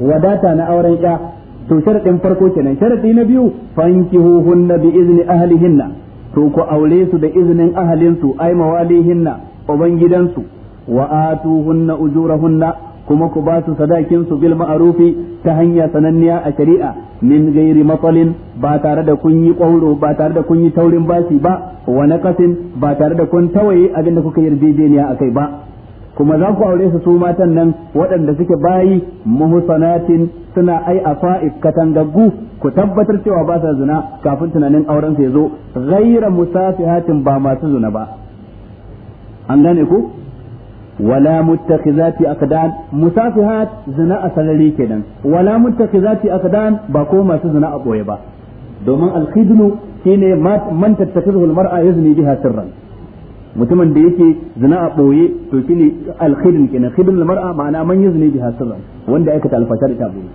wadata na auren ya to sharadin farko kenan sharadi na biyu fankihu hunna bi izni ahlihinna to ku aure su da izinin ahalinsu ai mawalihinna gidansu. wa atuhunna ujurahunna kuma ku ba su sadakin su bil ma'rufi ta hanya sananniya a shari'a min gairi matsalin ba tare da kun yi kwauro ba tare da kun yi taurin basi ba wa naqasin ba tare da kun tawaye abin da kuka akai ba kuma za ku aure su su matan nan waɗanda suke bayi muhsanatin suna ai afa'if katangagu ku tabbatar cewa ba sa zina kafin tunanin auren ya zo ghaira musafihatin ba masu zina ba an gane ku wala muttakhizati aqdan musafihat zina a sarari kenan wala muttakhizati aqdan ba ko masu zina a boye ba domin alkhidnu shine man tattakhizuhu almar'a yazni biha sirran mutumin da yake zina a boye to shine alkhidn kenan khidn almar'a ma'ana man yazni biha sirran wanda aikata alfashar ta boye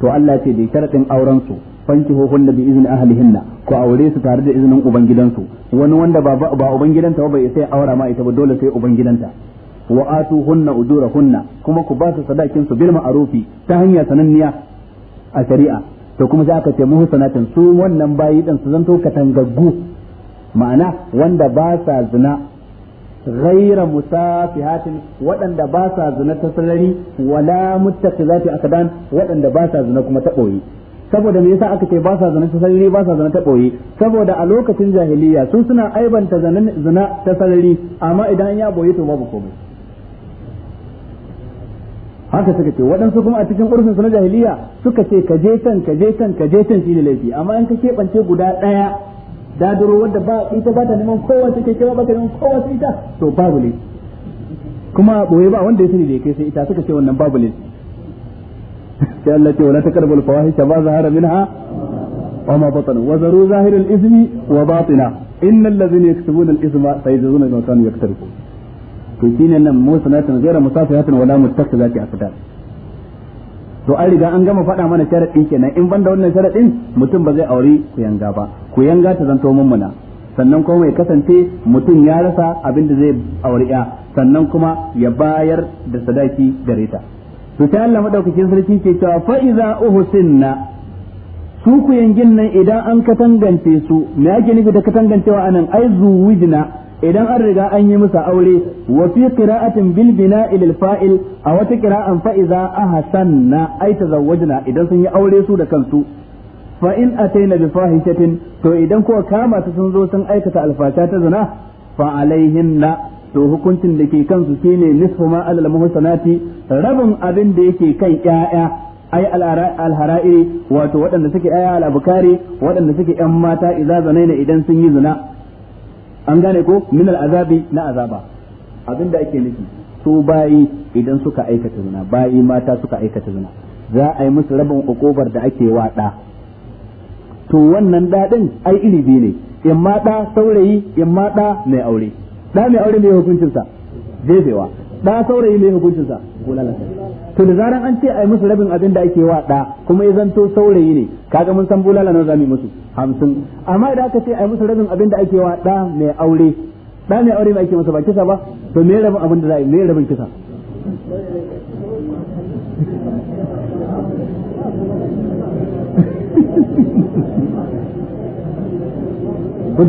to Allah ce da sharadin auren su fankihu hunna bi izni ahlihinna ko aure su tare da izinin ubangidansu wani wanda ba ba ubangidanta ba bai sai aura ma ita ba dole sai ubangidanta wa atuhunna hunna kuma ku ba su sadakin su bil ma'rufi ta hanya sananniya a shari'a to kuma sai aka ce muhsanatin su wannan bayi dan su zanto katangaggu ma'ana wanda ba sa zina ba غير مسافهات ودن باسا زنا تسلري ولا متخذات ba sa zina kuma ta تقوي saboda me yasa aka ce ba sa zina ta sarari ba sa zina ta boye saboda a lokacin jahiliya su suna aibanta zina ta sarari amma idan ya boye to babu komai haka suka ce waɗansu kuma a cikin ƙurfin su na jahiliya suka ce ka je can ka je can ka je can ne laifi amma in ka keɓance guda ɗaya dadaro wadda ba ita ba ta neman kowace ke kewa ba ta neman kowace ita to babu ne kuma boye ba wanda ya sani da ya kai sai ita suka ce wannan babu ne sai Allah ce wala taqrabul fawahisha ba zahara minha wa ma batana wa zaru zahiral ismi wa batina innal ladzina yaktubuna al isma sayajzuna ma kanu yaktarifun to shine nan na musanatun ghayra tun wala muttakizati asdar to an riga an gama faɗa mana sharaɗi kenan in banda wannan sharaɗin mutum ba zai aure yanga ba ku yanga ta zanto muna sannan kuma ya kasance mutum ya rasa abin da zai aure ya sannan kuma ya bayar da sadaki gare ta to sai Allah madaukakin sarki ke cewa fa iza uhsinna su ku yangin nan idan an katangance su me ake nufi da katangancewa anan ai zuwujna idan an riga an yi musu aure wa fi qira'atin bil bina'i lil fa'il a wata qira'an fa idza ahsanna ay tazawwajna idan sun yi aure su da kansu fa in ataina bi fahishatin to idan ko kama su sun zo sun aikata alfasha ta zina fa alaihinna to hukuncin da ke kansu shine nisfu ma alal muhsanati rabin abin da yake kan ƴaƴa ai alhara'iri wato waɗanda suke aya al-abukari waɗanda suke ƴan mata idza zanaina idan sun yi zina an gane ko min azabi na azaba abin da ake nufi su bayi idan suka aikata zina bayi mata suka aikata zina za a yi musu rabin ukubar da ake wada to wannan daɗin ai iri biyu ne in ma ɗa saurayi in ma ɗa mai aure ɗa mai aure mai hukuncinsa jefewa ɗa saurayi mai hukuncinsa to da zaran an ce ai musu rabin abin da ake wa da kuma ya zanto saurayi ne kaga mun san bulala nawa zamu musu hamsin amma idan aka ce ai musu rabin abin da ake wa da mai aure da mai aure mai ake masa ba kisa ba to me rabin abin da za a yi me rabin kisa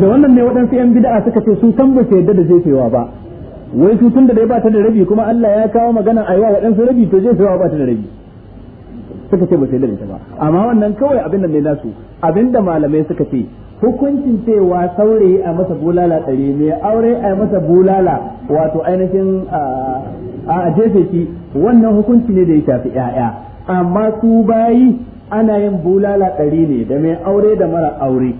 da wannan ne waɗansu 'yan bida'a suka ce su san ba su yadda da jefewa ba wai su tun da dai ba ta da rabi kuma Allah ya kawo magana a yawa waɗansu rabi to zai sayawa ba ta da rabi suka ce ba sai da ita ba amma wannan kawai abin da ne nasu abin da malamai suka ce hukuncin cewa saure a masa bulala ɗari mai aure a masa bulala wato ainihin a jefe shi wannan hukunci ne da ya shafi 'ya'ya amma su bayi ana yin bulala ɗari ne da mai aure da mara aure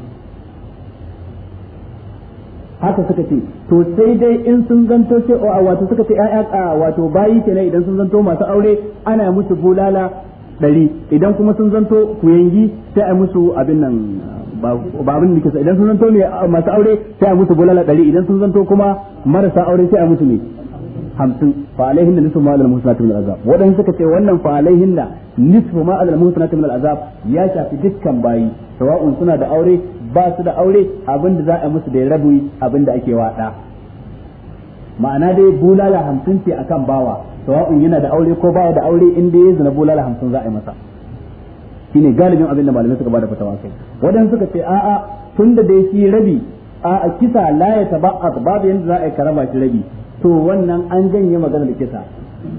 haka suka ce to sai dai in sun zanto ce a wato suka ce ƴaƴa wato bayi ne idan sun zanto masu aure ana musu bulala ɗari idan kuma sun zanto yangi sai a musu abin nan ba abin da kisa idan sun zanto ne masu aure sai a musu bulala ɗari idan sun zanto kuma marasa aure sai a musu ne hamsin fa da nisfu ma alal muhsanati min azab wadan suka ce wannan fa da nisfu ma alal na min azab ya shafi dukkan bayi sawa'un suna da aure ba su da aure abin da za a musu da ya rabu abin ake wada ma'ana dai bulala hamsin ce akan bawa sawa'un yana da aure ko baya da aure in dai ya zina bulala hamsin za a yi masa shine galibin abinda malamai suka bada fatawa kai wadanda suka ce a'a tun da dai shi rabi a kisa la ya taba'a babu yanda za a yi karaba shi rabi to wannan an janye maganar kisa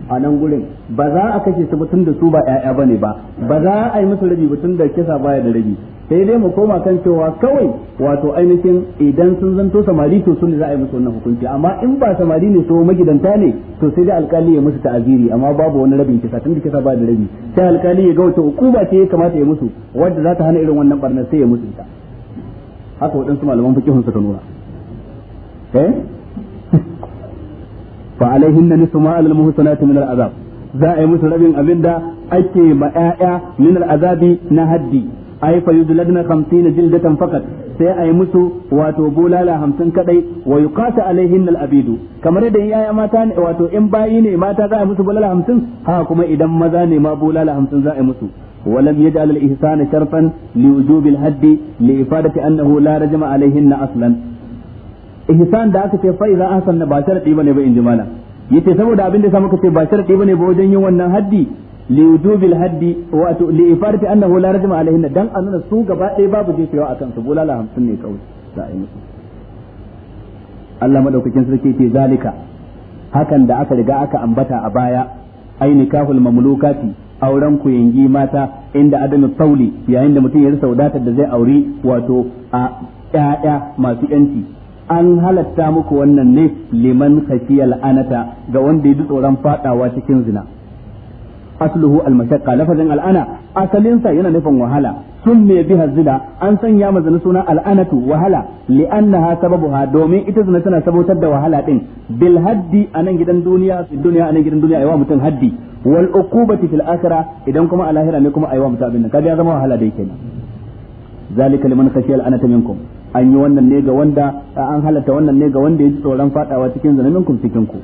a nan gurin ba za a kashe su tun da su ba ƴaƴa bane ba ba za a yi musu rabi ba tun da kisa baya da rabi sai dai mu koma kan cewa kawai wato ainihin idan sun zanto samari to sun za a yi musu wannan hukunci amma in ba samari ne so magidanta ne to sai dai alkali ya musu ta'aziri amma babu wani rabin kisa tun da kisa baya da rabi sai alkali ya ga wata hukuma ce ya kamata ya musu wadda za ta hana irin wannan barnar sai ya musu ita haka waɗansu malaman fakihun suka nuna eh fa alaihin na nisu ma'al muhsanati min al'azab za a yi musu rabin abinda ake ma ƴaƴa min al'azabi na haddi ay fa yudladna 50 jildatan fakat sai a yi musu wato bulala hamsin kadai wa yuqata alaihin al-abidu kamar yadda in yaya mata ne wato in bayi ne mata za a yi musu bulala hamsin ha kuma idan maza ne ma bulala hamsin za a yi musu ولم يجعل الإحسان شرطا لوجوب الحد لإفادة أنه لا رجم عليهن أصلا ihsan da aka ce fa idza ahsan ba sharadi bane ba inji mana yace saboda abin da sa muka ce ba sharadi bane ba wajen yin wannan haddi li wujubil haddi wato li ifarati annahu la rajma alaihin dan a su gaba ɗaya babu jefewa akan su bulala 50 ne kawai za Allah madaukakin sarki ce zalika hakan da aka riga aka ambata a baya ai nikahul mamlukati auren ku yangi mata inda adamu sauli yayin da mutum ya rasa wadatar da zai auri wato a ƴaƴa masu yanci an halatta muku wannan ne liman khashiyal anata ga wanda ya ji tsoron fadawa cikin zina asluhu almashaqqa lafazin al'ana asalin sa yana nufin wahala summe biha zina an sanya ma zina suna al'anatu wahala li'annaha sababuha domin ita zina tana sabotar da wahala din bil haddi anan gidan duniya fi duniya anan gidan duniya aiwa mutum haddi wal uqubati fil akhirah idan kuma a lahira ne kuma aiwa mutum abin nan kaga ya zama wahala dai kenan zalika liman khashiyal anata minkum an yi wannan ne ga wanda an halatta wannan ne ga wanda ya ji tsoron fadawa cikin zina minkum cikin ku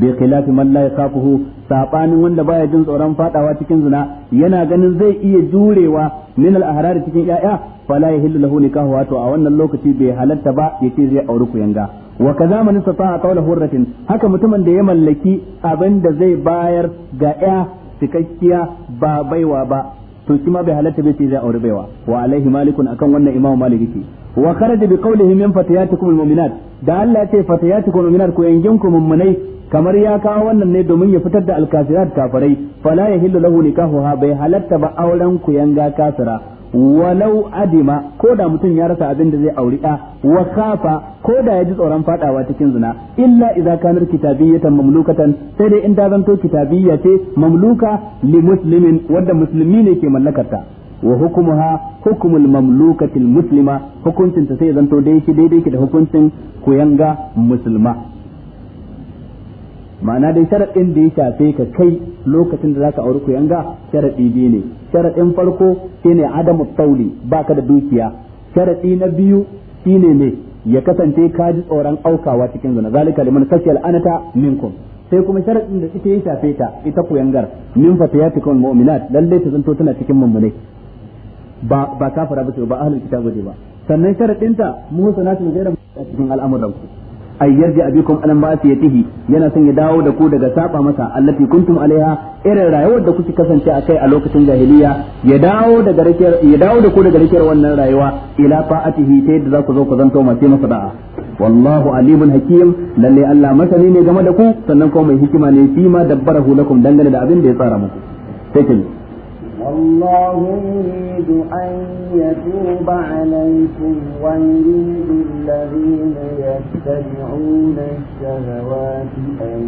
bi khilafi man la yakhafuhu sabanin wanda baya jin tsoron fadawa cikin zina yana ganin zai iya jurewa min al ahrar cikin yaya fala yahillu lahu nikahu wato a wannan lokaci bai halatta ba yake zai auri ku yanga wa kaza man istata'a qawla hurratin haka mutumin da ya mallaki abin da zai bayar ga ya cikakkiya ba baiwa ba to shi bai halatta bai ce zai auri baiwa wa alaihi malikun akan wannan imamu malik yake wa kharaja bi qawlihi min fatiyatikum almu'minat da Allah ce fatiyatikum almu'minat ko yangin ku mummunai kamar ya kawo wannan ne domin ya fitar da alkafirat kafirai fala yahillu lahu nikahuha bai halatta ba auren ku yanga kafira walau adima ko da mutum ya rasa abin da zai auri da wa kafa ko da ya ji tsoron fadawa cikin zina illa idza kanar kitabiyatan mamlukatan sai dai in da zanto kitabiyya ce mamluka li muslimin wanda musulmi ne ke mallakarta wa hukumuha hukumul mamlukatil muslima hukuncin ta sai zanto dai yake daidai yake da hukuncin kuyanga musulma ma'ana dai sharadin da ya shafe ka kai lokacin da zaka auri kuyanga sharadi biyu ne sharadin farko shine adamu tauli baka da dukiya sharadi na biyu shine ne ya kasance ka ji tsoron aukawa cikin zina zalika liman kasiyal anata minkum sai kuma sharadin da ita ya shafe ta ita kuyangar min fatiyatikum mu'minat lalle ta zanto tana cikin mummunai ba ba bace ba ahlul kitab bace ba sannan sharadin ta muhsanatu ghayra a cikin al'amuran ku ay yarji abikum alam ba'siyatihi yana son ya dawo da ku daga saba masa allati kuntum alaiha irin rayuwar da kuke kasance akai a lokacin jahiliya ya dawo daga rakiyar ya dawo da ku daga rakiyar wannan rayuwa ila fa'atihi ta yadda za ku zo ku zanto masu masa da'a wallahu alimun hakim lalle Allah masani ne game da ku sannan kuma mai hikima ne fi ma dabbarahu lakum dangane da abin da ya tsara muku sai والله يريد أن يتوب عليكم ويريد الذين يتبعون الشهوات أن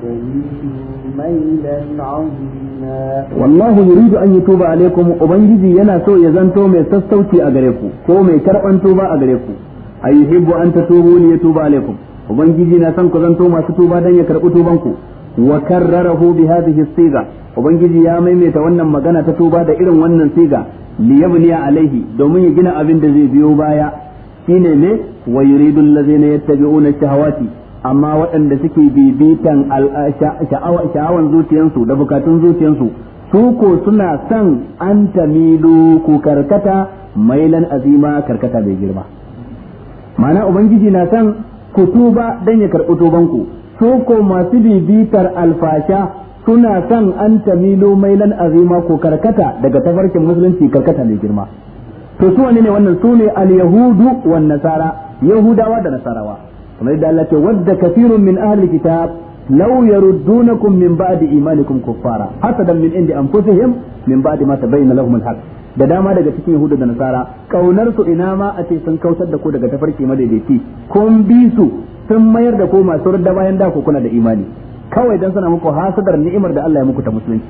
تميلوا ميلا عظيما والله يريد أن يتوب عليكم وبنجي ينا سوء يزنتو من تستوتي أغريكم كو من كربان توبا أغريكم أيحب أن تتوبوا ليتوب عليكم وبنجي ينا سنكو زنتو ما ستوبا دن يكربوا توبانكم wa karrarahu bi hadhihi as-siga ubangiji ya maimaita wannan magana ta tuba da irin wannan siga li yabniya alaihi domin ya gina abin da zai biyo baya shine ne wa yuridu allazina yattabi'una shahawati amma waɗanda suke bibitan sha'awan zuciyarsu da bukatun zuciyarsu su ko suna son an tamilu ku karkata mailan azima karkata bai girma ma'ana ubangiji na son ku tuba dan ya karɓi tubanku su ko masu bibitar alfasha suna son an tamilu mailan azima ko karkata daga tafarkin musulunci karkata mai girma to su wani ne wannan su ne al-yahudu wan nasara yahudawa da nasarawa kamar yadda Allah ce wadda kafirun min ahli kitab law yaruddunakum min ba'di imanikum kuffara hasadan min indi anfusihim min ba'di ma tabayyana lahum al-haq da dama daga cikin yahudu da nasara kaunar su ina ma a ce sun kautar da ku daga tafarki madaidaici kun bi su sun mayar da koma masu rudda bayan da ko kuna da imani kawai dan suna muku hasadar ni'imar da Allah ya muku ta musulunci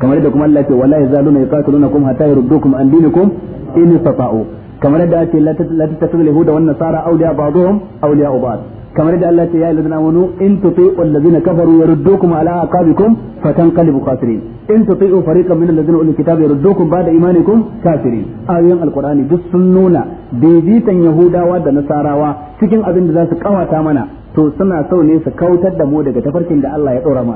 kamar yadda kuma Allah ya ce wala yazaluna yuqatilunakum hatta yurdukum an dinikum in istata'u kamar da ake la tattakhidhu al-yahuda wan nasara awliya ba'dhum awliya ba'd kamar da Allah ya ce ya ayyuhallazina in tuti'u allazina kafaru yaruddukum ala aqabikum fatanqalibu kafirin in tuti'u fariqan min allazina ulil kitabi yaruddukum ba'da imanikum kafirin ayoyin alqur'ani duk sun nuna bibitan yahudawa da nasarawa cikin abin da za su kawata mana to suna so ne su kautar da mu daga tafarkin da Allah ya dora mu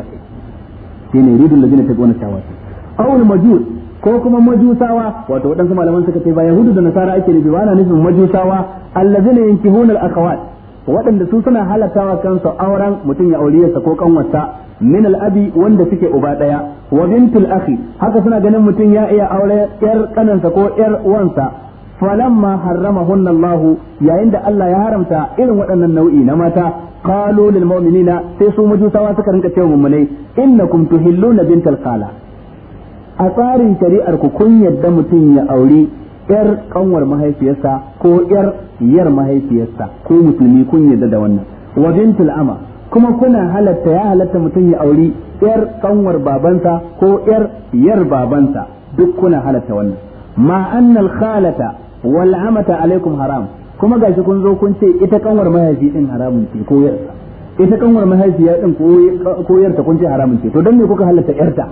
shine yuridul ladina taquna shawati aw al majus ko kuma majusawa wato wadansu malaman suka ce ba yahudu da nasara ake nufi ba na nufin majusawa allazina yankihuna al akhawat waɗanda su suna halatawa kansu auren mutum ya aure yasa ko kanwarsa min al'abi abi wanda suke uba ɗaya. wa bintul akhi haka suna ganin mutum ya iya aure yar kanansa ko yar uwansa falamma harramahunna Allah yayin da Allah ya haramta irin waɗannan nau'i na mata qalu lil mu'minina sai su mujusawa suka rinka cewa mummunai innakum tuhilluna bintal qala a tsarin shari'ar ku kun yadda mutum ya aure yar kanwar mahaifiyarsa ko yar yar mahaifiyarsa ko musulmi kun yarda da wannan wa bintul ama kuma kuna halatta ya halatta mutum ya auri yar kanwar babansa ko yar yar babansa duk kuna halatta wannan ma annal khalata wal amata alaikum haram kuma gashi kun zo kun ce ita kanwar mahaifi din haramun ce ko yar ita kanwar ya din ko yarta kun ce haramun ce to dan me kuka halatta yarta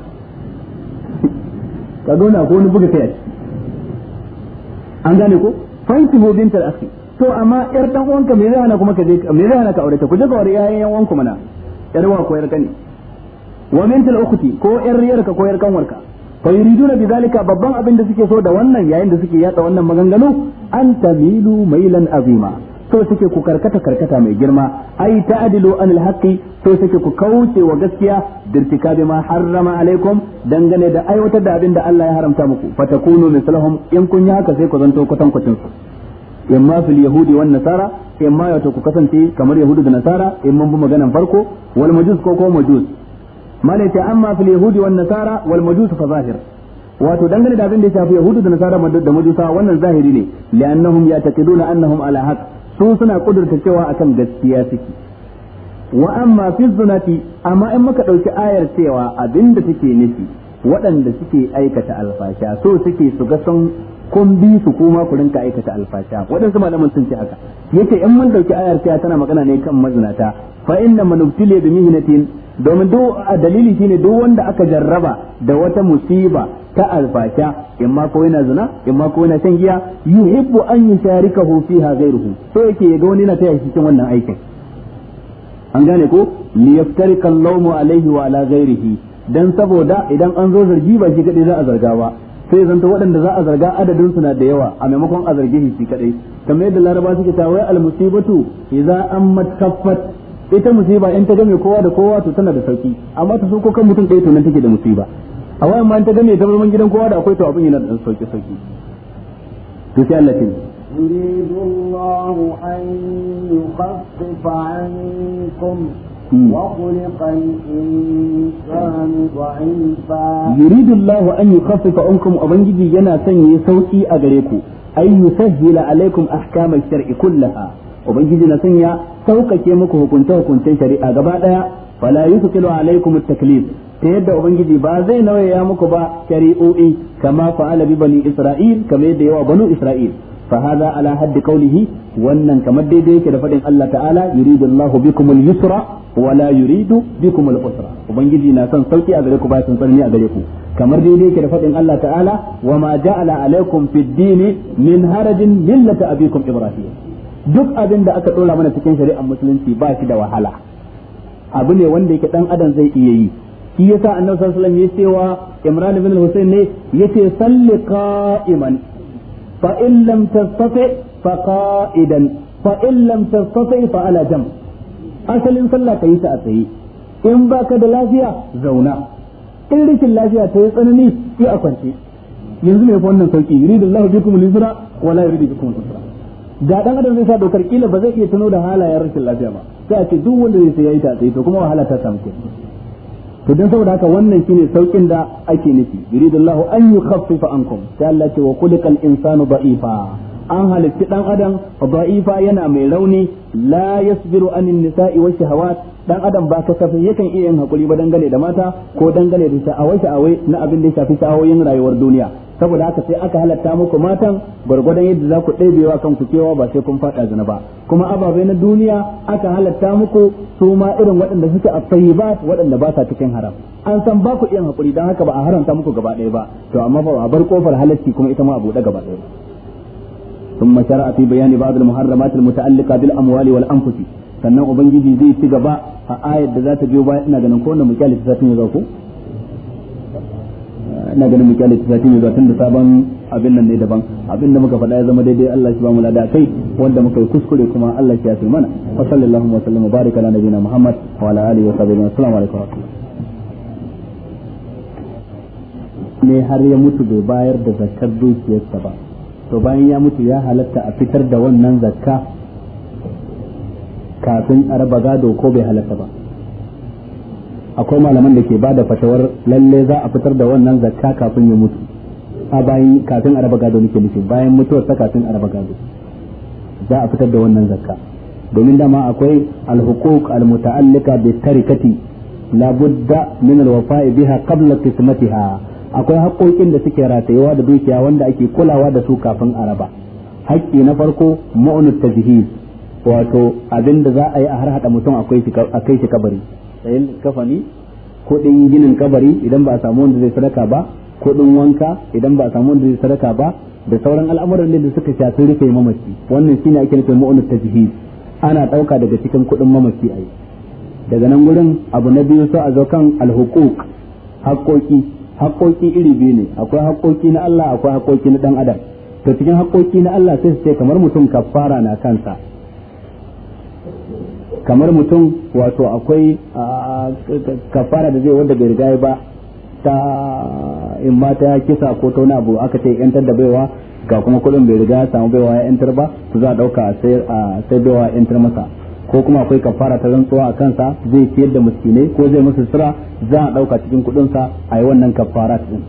ka gona ko ni buga kai an gane ko fanti mu bintar akhi to amma yar dan uwanka me zai hana kuma ka je me zai hana ka aure ta ku je ka aure yayin yan uwanku mana yar wa ko yar kani wa bintal ukhti ko yar yarka ko yar kanwarka fa yuriduna zalika babban abin da suke so da wannan yayin da suke yada wannan maganganu an tamilu mailan azima so suke ku karkata karkata mai girma ai ta ta'dilu anil haqqi so suke ku kauce wa gaskiya dirtika bi ma harrama alaikum dangane da aiwatar da abin da Allah ya haramta muku fatakunu mislahum in kun yi haka sai ku zanto kutan kucin su imma fil yahudi wan nasara imma ya to ku kasance kamar yahudu da nasara in mun bi maganan farko wal majus ko ko majus malaita amma fil yahudi wan nasara wal majus fa zahir wato dangane da abin da ya shafi yahudu da nasara da majusa wannan zahiri ne li'annahum ya'taqiduna annahum ala haqq Sun suna kudurta cewa akan gaskiya suke wa amma fi zunati amma in muka dauki ayar cewa abinda take nufi waɗanda suke aikata alfasha so suke su ga sun kun bi su kuma ku rinka aikata alfasha waɗansu malaman sun ce haka yake in mun dauki ayar cewa tana magana ne kan mazinata fa inna man ubtiliya bi mihnatin domin duk a dalili shine duk wanda aka jarraba da wata musiba ta alfasha ma ko yana zina ma ko yana shan giya yuhibbu an yusharikahu fiha ghayruhu so yake yaga wani na taya shi cikin wannan aikin an gane ko li yaftarika al-lawmu alayhi wa ala ghayrihi dan saboda idan an zo zargi ba shi kadai za a zarga ba sai zanta waɗanda za a zarga adadin suna da yawa a maimakon a zarge shi kadai kamar yadda laraba suke ta wai al-musibatu idza ammat kaffat ita musiba in ta game kowa da kowa to tana da sauki amma ta so ko kan mutum ɗaya to nan take da musiba a wayan ma ta game ta zaman gidan kowa da akwai to abin yana da sauki sauki to sai Allah tin يريد الله أن يخفف عنكم وخلق الإنسان ضعيفا يريد الله أن يخفف عنكم أبنجي ينا سني سوكي أغريكو أن يسهل عليكم أحكام الشرع كلها ubangiji na ya saukake muku hukunce hukuncen shari'a gaba ɗaya. fala yukilu alaikum at-taklif ta yadda ubangiji ba zai nawaya muku ba shari'o'i kama fa'ala bi bani isra'il kama yadda yawa banu isra'il fa hadha ala haddi qawlihi wannan kamar daidai yake da fadin Allah ta'ala yuridu Allahu bikum al-yusra wa la yuridu bikum al-usra ubangiji na son sauki a gare ku ba son tsarni a gare ku kamar daidai yake da fadin Allah ta'ala wa ma ja'ala alaikum fid min harajin millata abikum ibrahim duk abin da aka ɗora mana cikin shari'ar musulunci ba shi da wahala abu ne wanda yake dan adam zai iya yi shi yasa annabi sallallahu alaihi wasallam ya cewa imran ibn al-husayn ne yace salli qa'iman fa in lam tastati fa qa'idan fa in lam tastati fa ala jam asalin sallah kai ta a tsaye in baka da lafiya zauna in rikin lafiya ta yi tsanani sai a kwance yanzu ne fa wannan sauki yuridullahu bikum al-yusra wa la yuridu bikum al-usra da dan adam zai sa dokar kila ba zai iya tuno da halayen rashin lafiya ba sai duk wanda zai sai ya yi ta to kuma wahala ta samu ke to dan saboda haka wannan shine saukin da ake nufi yuridullahu an yukhaffifa ankum sai Allah ce wa khuliqal insanu da'ifa an halitti dan adam da'ifa yana mai rauni la yasbiru anin nisa'i wa shahawat dan adam ba kasafin yakan iya yin hakuri ba dangane da mata ko dangane da sha'awai sha'awai na abin da ya shafi sha'awoyin rayuwar duniya saboda haka sai aka halatta muku matan gwargwadon yadda za ku ɗebewa kan ku kewa ba sai kun faɗa zina ba kuma ababai na duniya aka halatta muku su ma irin waɗanda suke a ba waɗanda ba sa cikin haram an san ba ku iya haƙuri don haka ba a haramta muku gaba ɗaya ba to amma ba a bar kofar halarci kuma ita ma a buɗe gaba ɗaya ثم شرع في بيان بعض المحرمات المتعلقة بالأموال والأنفس sannan ubangiji zai ci gaba a ayar da za ta biyo baya ina ganin ko mu kyalisa satin ya ina ganin muke alai tafi ne zaton da sabon abin nan ne daban abin da muka faɗa ya zama daidai Allah shi ba mu lada kai wanda muka yi kuskure kuma Allah shi ya fi mana wa sallallahu wa sallam baraka ala nabiyina Muhammad wa ala alihi wa sahbihi assalamu alaikum ne har ya mutu bai bayar da zakar dukiyarsa ba to bayan ya mutu ya halatta a fitar da wannan zakka kafin a raba gado ko bai halatta ba akwai malaman da ke ba da fatawar lalle za a fitar da wannan zakka kafin ya mutu a bayan kafin araba gado nake nufi bayan mutuwar ta kafin araba gado za a fitar da wannan zakka domin dama akwai alhuquq almuta'allika bi tarikati la budda min alwafa'i biha qabla qismatiha akwai haƙoƙin da suke ratayewa da dukiya wanda ake kulawa da su kafin araba haƙƙi na farko mu'nut tajhiz wato abin da za a yi a har mutum akwai shi kabari sayan kafani kuɗin ginin kabari idan ba a samu wanda zai sadaka ba kuɗin wanka idan ba a samu wanda zai sadaka ba da sauran al'amuran da suka shafi rufe mamaci wannan shine ake nufin ta tajhid ana ɗauka daga cikin kuɗin mamaci ai daga nan gurin abu na biyu so a zo kan alhuquq haƙƙoƙi haƙƙoƙi iri biyu ne akwai haƙƙoƙi na Allah akwai haƙƙoƙi na dan adam to cikin haƙƙoƙi na Allah sai su ce kamar mutum kafara na kansa kamar mutum wato akwai kafara da zai wanda bai riga ba ta in ma ta kisa ko ta wani abu aka ce yantar da baiwa ga kuma kudin bai riga samu baiwa ya yantar ba to za a dauka sai baiwa yantar masa ko kuma akwai kafara ta rantsuwa a kansa zai ciyar da miskinai ko zai musu sira za a dauka cikin kudin sa a yi wannan kafara din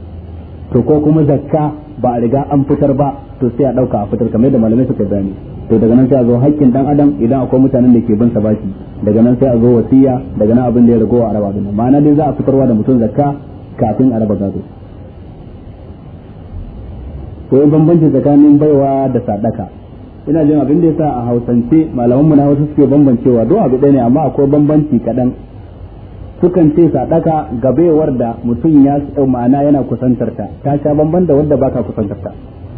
to ko kuma zakka ba a riga an fitar ba to sai a dauka a fitar kamar da malamai suka bayani to daga nan sai a zo haƙƙin dan adam idan akwai mutanen da ke bin sa baki daga nan sai a zo wasiya daga nan abin da ya ragowa a raba dinnan ma'ana dai za a fitarwa da mutum zakka kafin a raba gado ko bambanci tsakanin baiwa da sadaka ina jin abin da ya sa a hausance malamanmu na hausa suke bambancewa don abu ɗaya ne amma akwai bambanci kaɗan sukan ce sadaka ga baiwar da mutum ya ma'ana yana kusantarta ta sha bamban da wanda baka kusantarta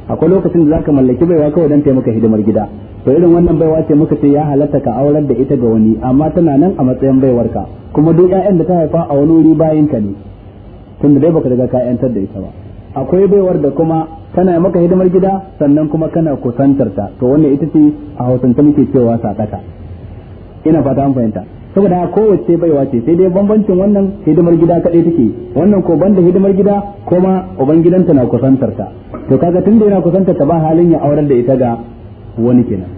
akwai lokacin da zaka mallaki baiwa kawai dan taimaka hidimar gida to irin wannan baiwa ce muka ce ya halatta ka aurar da ita ga wani amma tana nan a matsayin baiwarka kuma duk ƴaƴan da ta haifa a wani wuri bayan ka ne tunda dai baka riga ka ƴantar da ita ba akwai baiwar da kuma kana maka hidimar gida sannan kuma kana kusantar ta to wannan ita ce a hausance muke cewa sadaka ina fata an fahimta saboda kowace baiwa ce sai dai bambancin wannan hidimar gida kaɗai take wannan ko banda hidimar gida kuma ubangidanta na kusantar ta to kaga tunda yana kusantar ta ba halin ya aurar da ita ga wani kenan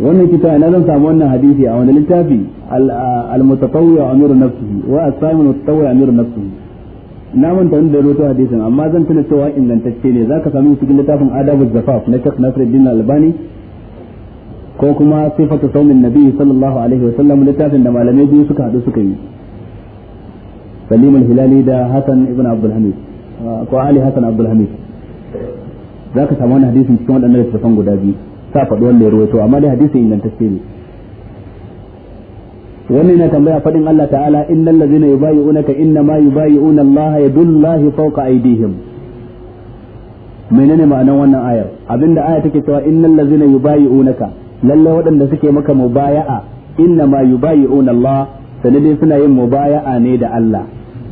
wannan kita na zan samu wannan hadisi a wani littafi al-mutatawwi amiru nafsihi wa as-sami mutatawwi amiru nafsihi na manta wani da roto hadisin amma zan tuna cewa ingantacce ne zaka samu cikin littafin adabu zafaf na Sheikh Nasiruddin Albani ko kuma sifatu saumin nabi sallallahu alaihi wa sallam littafin da malamai biyu suka hadu suka yi salim al-hilali da Hassan ibn abdul hamid ah, ko ali Hassan abdul hamid zaka samu wannan hadisin cikin wadannan littafan guda biyu sa faɗi wanda ya rawaito amma dai hadisin ingantacce ne wannan yana tambaya fadin Allah ta'ala innal ladzina yubayyi'unaka inna ma yubayyi'una Allah yadullahi fawqa aydihim menene ma'anar wannan ayar abinda aya take cewa innal ladzina yubayyi'unaka lalle waɗanda suke maka mubaya'a inna ma yubayi'una Allah sanadin suna yin mubaya'a ne da Allah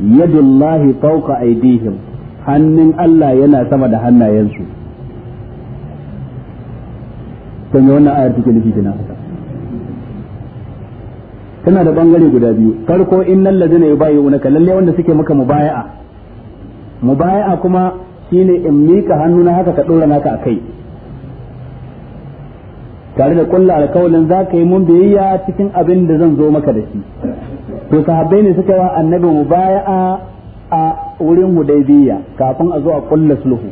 yadullahi fawqa aydihim hannun Allah yana sama da hannayensu to me wannan ayar take nufi kenan tana da bangare guda biyu farko innal ladina ka lalle wanda suke maka mubaya'a mubaya'a kuma shine in mika hannuna haka ka dora naka akai tare da kulla alkawalin za ka yi mun biyayya cikin abin da zan zo maka da shi to sahabbai ne suka yi wa annabi mubaya'a a wurin hudaybiya kafin a zo a kulla sulhu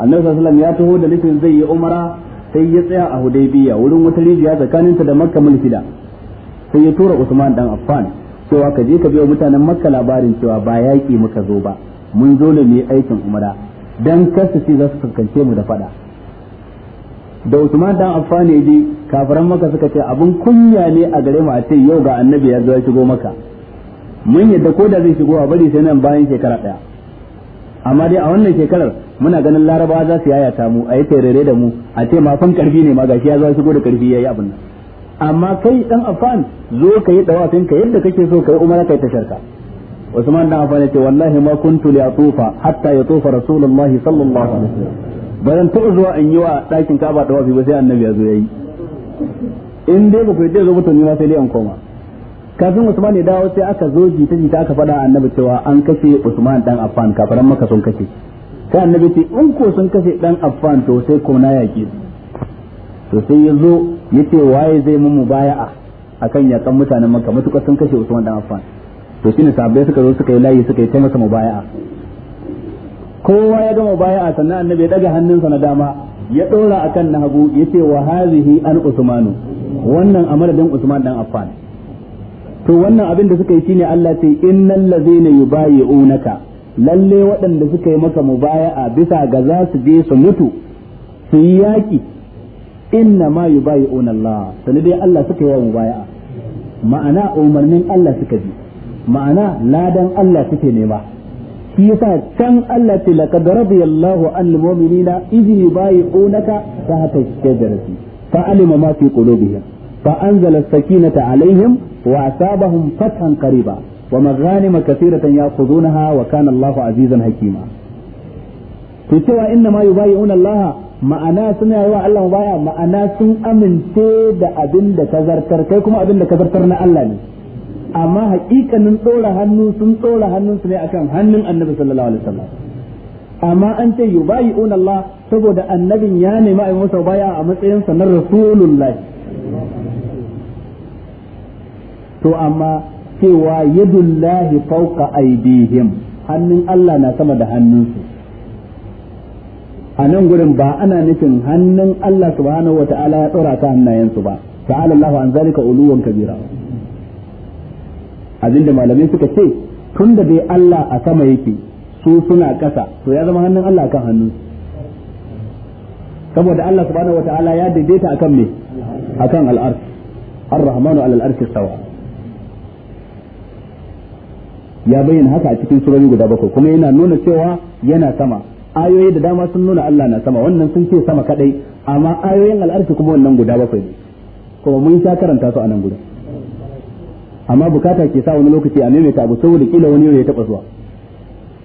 annabi sallallahu ya taho da nufin zai yi umara sai ya tsaya a hudaybiya wurin wata rijiya tsakanin tsakaninta da makka mulkida sai ya tura usman dan affan cewa ka je ka biyo mutanen makka labarin cewa ba yaƙi muka zo ba mun zo ne mu yi aikin umara dan kar su ce za su kankance mu da fada da Usman dan Affan ne je kafiran maka suka ce abun kunya ne a gare mu a ce yau ga annabi ya zo ya shigo maka mun yadda ko da zai shigo a bari sai nan bayan shekara daya amma dai a wannan shekarar muna ganin larabawa za su yayata mu a yi terere da mu a ce ma fan karfi ne ma gashi ya zo ya shigo da karfi yayi abin nan amma kai dan Affan zo ka yi dawafin ka yadda kake so kai umara kai tasharka Usman dan Affan ya ce wallahi ma kuntu li atufa hatta yatufa rasulullahi sallallahu alaihi wasallam ba zan taɓa zuwa in yi wa ɗakin kaba da wafi ba sai annabi ya zo ya yi in dai ba ku yi zo mutum ni ma sai dai an koma kafin usman ya dawo sai aka zo jita jita aka faɗa annabi cewa an kashe usman dan affan kafaran maka sun kashe sai annabi ce in ko sun kashe dan affan to sai ko na yaƙi to sai ya zo ya ce waye zai mun mubaya'a akan yakan mutanen maka matukar sun kashe usman dan affan to shine sabai suka zo suka yi layi suka yi ta masa mubaya'a kowa ya gama baya a sannan annabi ya daga hannunsa na dama ya dora akan na hagu ya ce wa hazihi an usmanu wannan a madadin usman dan affan to wannan abin da suka yi shine Allah ce innal ladzina yubayi'unaka lalle waɗanda suka yi maka mubaya'a bisa ga za su je su mutu su yi yaki inna ma yubayi'una Allah sanin dai Allah suka yi mubaya'a ma'ana umarnin Allah suka bi ma'ana ladan Allah suke nema shi yasa can Allah ce laqad radiyallahu anil mu'minina idh yubayi'unaka tahta ash-shajarati fa alima ma fi qulubihim fa anzala sakinata alaihim wa asabahum fathan qariba wa maghanim kathiratan ya'khudunaha wa kana Allahu azizan hakima to cewa inna ma yubayi'una Allah ma'ana suna yawa wa Allah baya ma'ana sun amince da abin da ka zartar kai kuma abin da ka zartar na Allah ne amma haƙiƙanin tsora hannu sun tsora hannunsu ne akan hannun annabi sallallahu alaihi wasallam amma an ce yubayi'una Allah saboda annabin ya nemi a masa baya a matsayin sa na rasulullahi to amma cewa yadullahi fawqa aydihim hannun Allah na sama da hannunsu a nan gurin ba ana nufin hannun Allah subhanahu wata'ala ya tsora ta hannayensu ba ta'ala Allah an zalika uluwan kabira abinda malamai suka ce tun da dai Allah a sama yake su suna ƙasa to ya zama hannun Allah akan hannun saboda Allah subhanahu wataala ya daidaita akan me akan al'arsh ar-rahmanu ala al-arshi sawa ya bayyana haka a cikin surori guda bakwai kuma yana nuna cewa yana sama ayoyi da dama sun nuna Allah na sama wannan sun ce sama kadai amma ayoyin al'arshi kuma wannan guda bakwai ne kuma mun sha karanta su a nan gudan amma bukata ke sa wani lokaci a maimaita abu saboda kila wani yau ya taba zuwa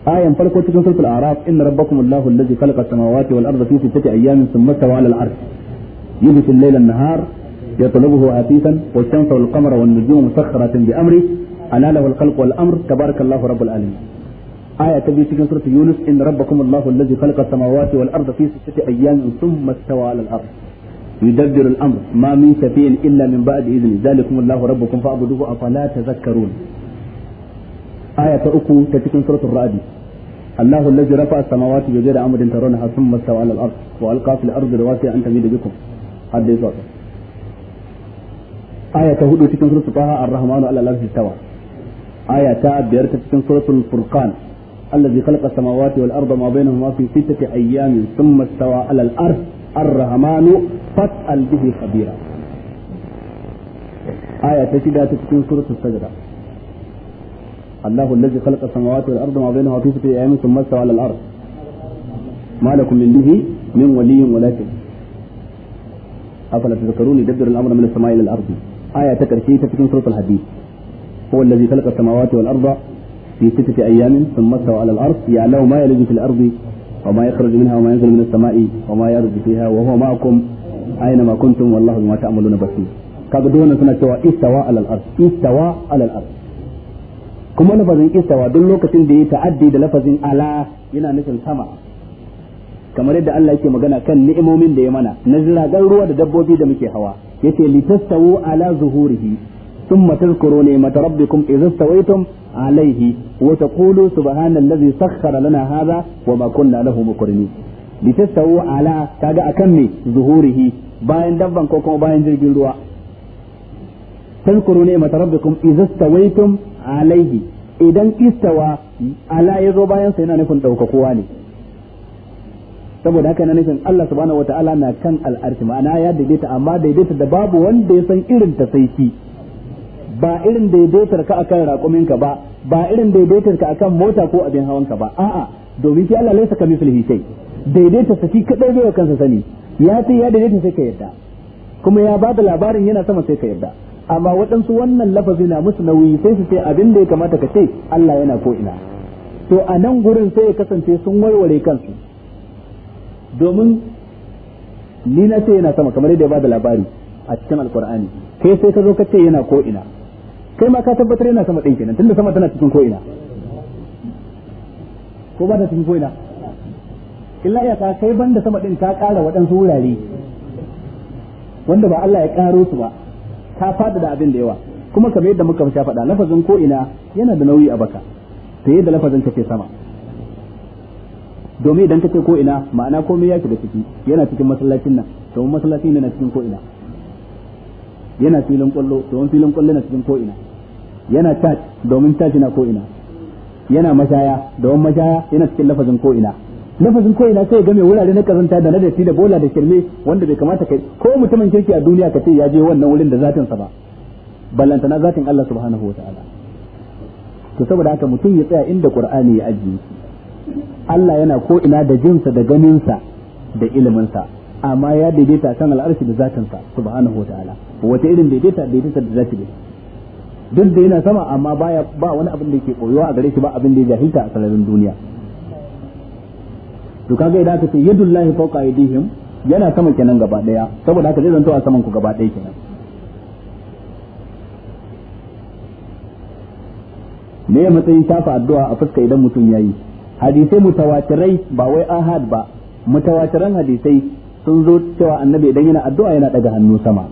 ayan farko cikin suratul a'raf inna rabbakum allahu allazi khalaqa samawati wal arda fi sittati ayamin thumma stawa 'ala al-'arsh yubsu al-layla an-nahar yatlubuhu atisan wa shamsa wal-qamara wan-nujumu musakhkharatin bi amri ala lahu al-khalqu wal-amr tabarakallahu rabbul alamin aya ta biyu cikin suratul yunus inna rabbakum allahu allazi khalaqa samawati wal arda fi sittati ayamin thumma stawa 'ala al-'arsh يدبر الأمر ما من شفيع إلا من بعد إذن ذلكم الله ربكم فاعبدوه أفلا تذكرون آية أكو تتكون سورة الرعد الله الذي رفع السماوات بغير عمد ترونها ثم استوى على الأرض وألقى في الأرض رواسي أن تميد بكم هذا يصوت آية هود تتكون سورة طه الرحمن على الأرض استوى آية بير تتكون سورة الفرقان الذي خلق السماوات والأرض ما بينهما في ستة أيام ثم استوى على الأرض الرحمن فاسأل به خبيرا آية تجدها تكون سورة السجدة الله الذي خلق السماوات والأرض وما بينهما في ستة أيام ثم استوى على الأرض ما لكم من به من ولي ولكن أفلا تذكرون يدبر الأمر من السماء إلى الأرض آية تكرشي تكون سورة الحديث هو الذي خلق السماوات والأرض في ستة أيام ثم استوى على الأرض يعلم ما يلج في الأرض وما يخرج منها وما ينزل من السماء وما يرد فيها وهو معكم aina ma kuntum wallahu bima ta'maluna basir kaga duk suna cewa istawa alal ard istawa alal ard kuma lafazin istawa duk lokacin da ya ta'addi da lafazin ala yana nufin sama kamar yadda Allah yake magana kan ni'imomin da ya mana na jiragen ruwa da dabbobi da muke hawa yace litastawu ala zuhurihi thumma tadhkuru ni'mata rabbikum idza stawaytum alayhi wa taqulu subhana allazi sakhkhara lana hadha wa ma kunna lahu litastawu ala kaga akan me zuhurihi bayan dabban ko kuma bayan jirgin ruwa tazkuru ni'mat rabbikum idza stawaytum alaihi idan istawa ala yazo bayan sa yana nufin kowa ne saboda haka na nufin Allah subhanahu wataala na kan al'arshi ma'ana ya daidaita amma daidaita da babu wanda ya san irin ta sai ba irin daidaitar ka akan raƙuminka ba ba irin daidaitar ka akan mota ko abin hawan ka ba a'a domin ki Allah laysa ka shay daidaita saki kadai zai kansa sani ya ce ya daidaita sai ka yarda kuma ya bada labarin yana sama sai ka yarda amma waɗansu wannan lafazi na musu nauyi sai su ce abin da ya kamata ka ce Allah yana ko ina to a nan gurin sai ya kasance sun warware kansu domin ni na ce yana sama kamar yadda ya bada labari a cikin alkur'ani kai sai ka zo ka ce yana ko ina kai ma ka tabbatar yana sama ɗin kenan tunda sama tana cikin ko ina ko ba ta cikin ko ina illa ya ta kai banda sama din ta kara waɗansu wurare wanda ba Allah ya karo su ba ka fada da abin da yawa kuma kamar yadda muka sha faɗa lafazin ko ina yana da nauyi a baka ta yadda lafazin ka ce sama domin idan ka ce ko ina ma'ana komai ya shiga ciki yana cikin masallacin nan domin masallacin na cikin ko ina yana filin kwallo domin filin kwallo na cikin ko ina yana chat domin chat na ko ina yana mashaya domin mashaya yana cikin lafazin ko ina nafasin ko ina sai ya game wurare na karanta da datti da bola da kirme wanda bai kamata kai ko mutumin kirki a duniya ka ce ya je wannan wurin da zatin sa ba na zatin Allah subhanahu wataala to saboda haka mutum ya tsaya inda Qur'ani ya ajiye Allah yana ko ina da jinsa da ganinsa da sa amma ya daidaita san al'arshi da zatinsa subhanahu wataala wata irin daidaita daidaita da zati ne duk da yana sama amma baya ba wani abin da yake koyo a gare shi ba abin da ya jahilta a sararin duniya to kaga idan aka ce yadullahi fawqa aydihim yana sama kenan gaba daya saboda haka zai zanto a saman ku gaba daya kenan me ya matsayin shafa addu'a a fuska idan mutum yayi hadisai mutawatirai ba wai ahad ba mutawatiran hadisai sun zo cewa annabi idan yana addu'a yana daga hannu sama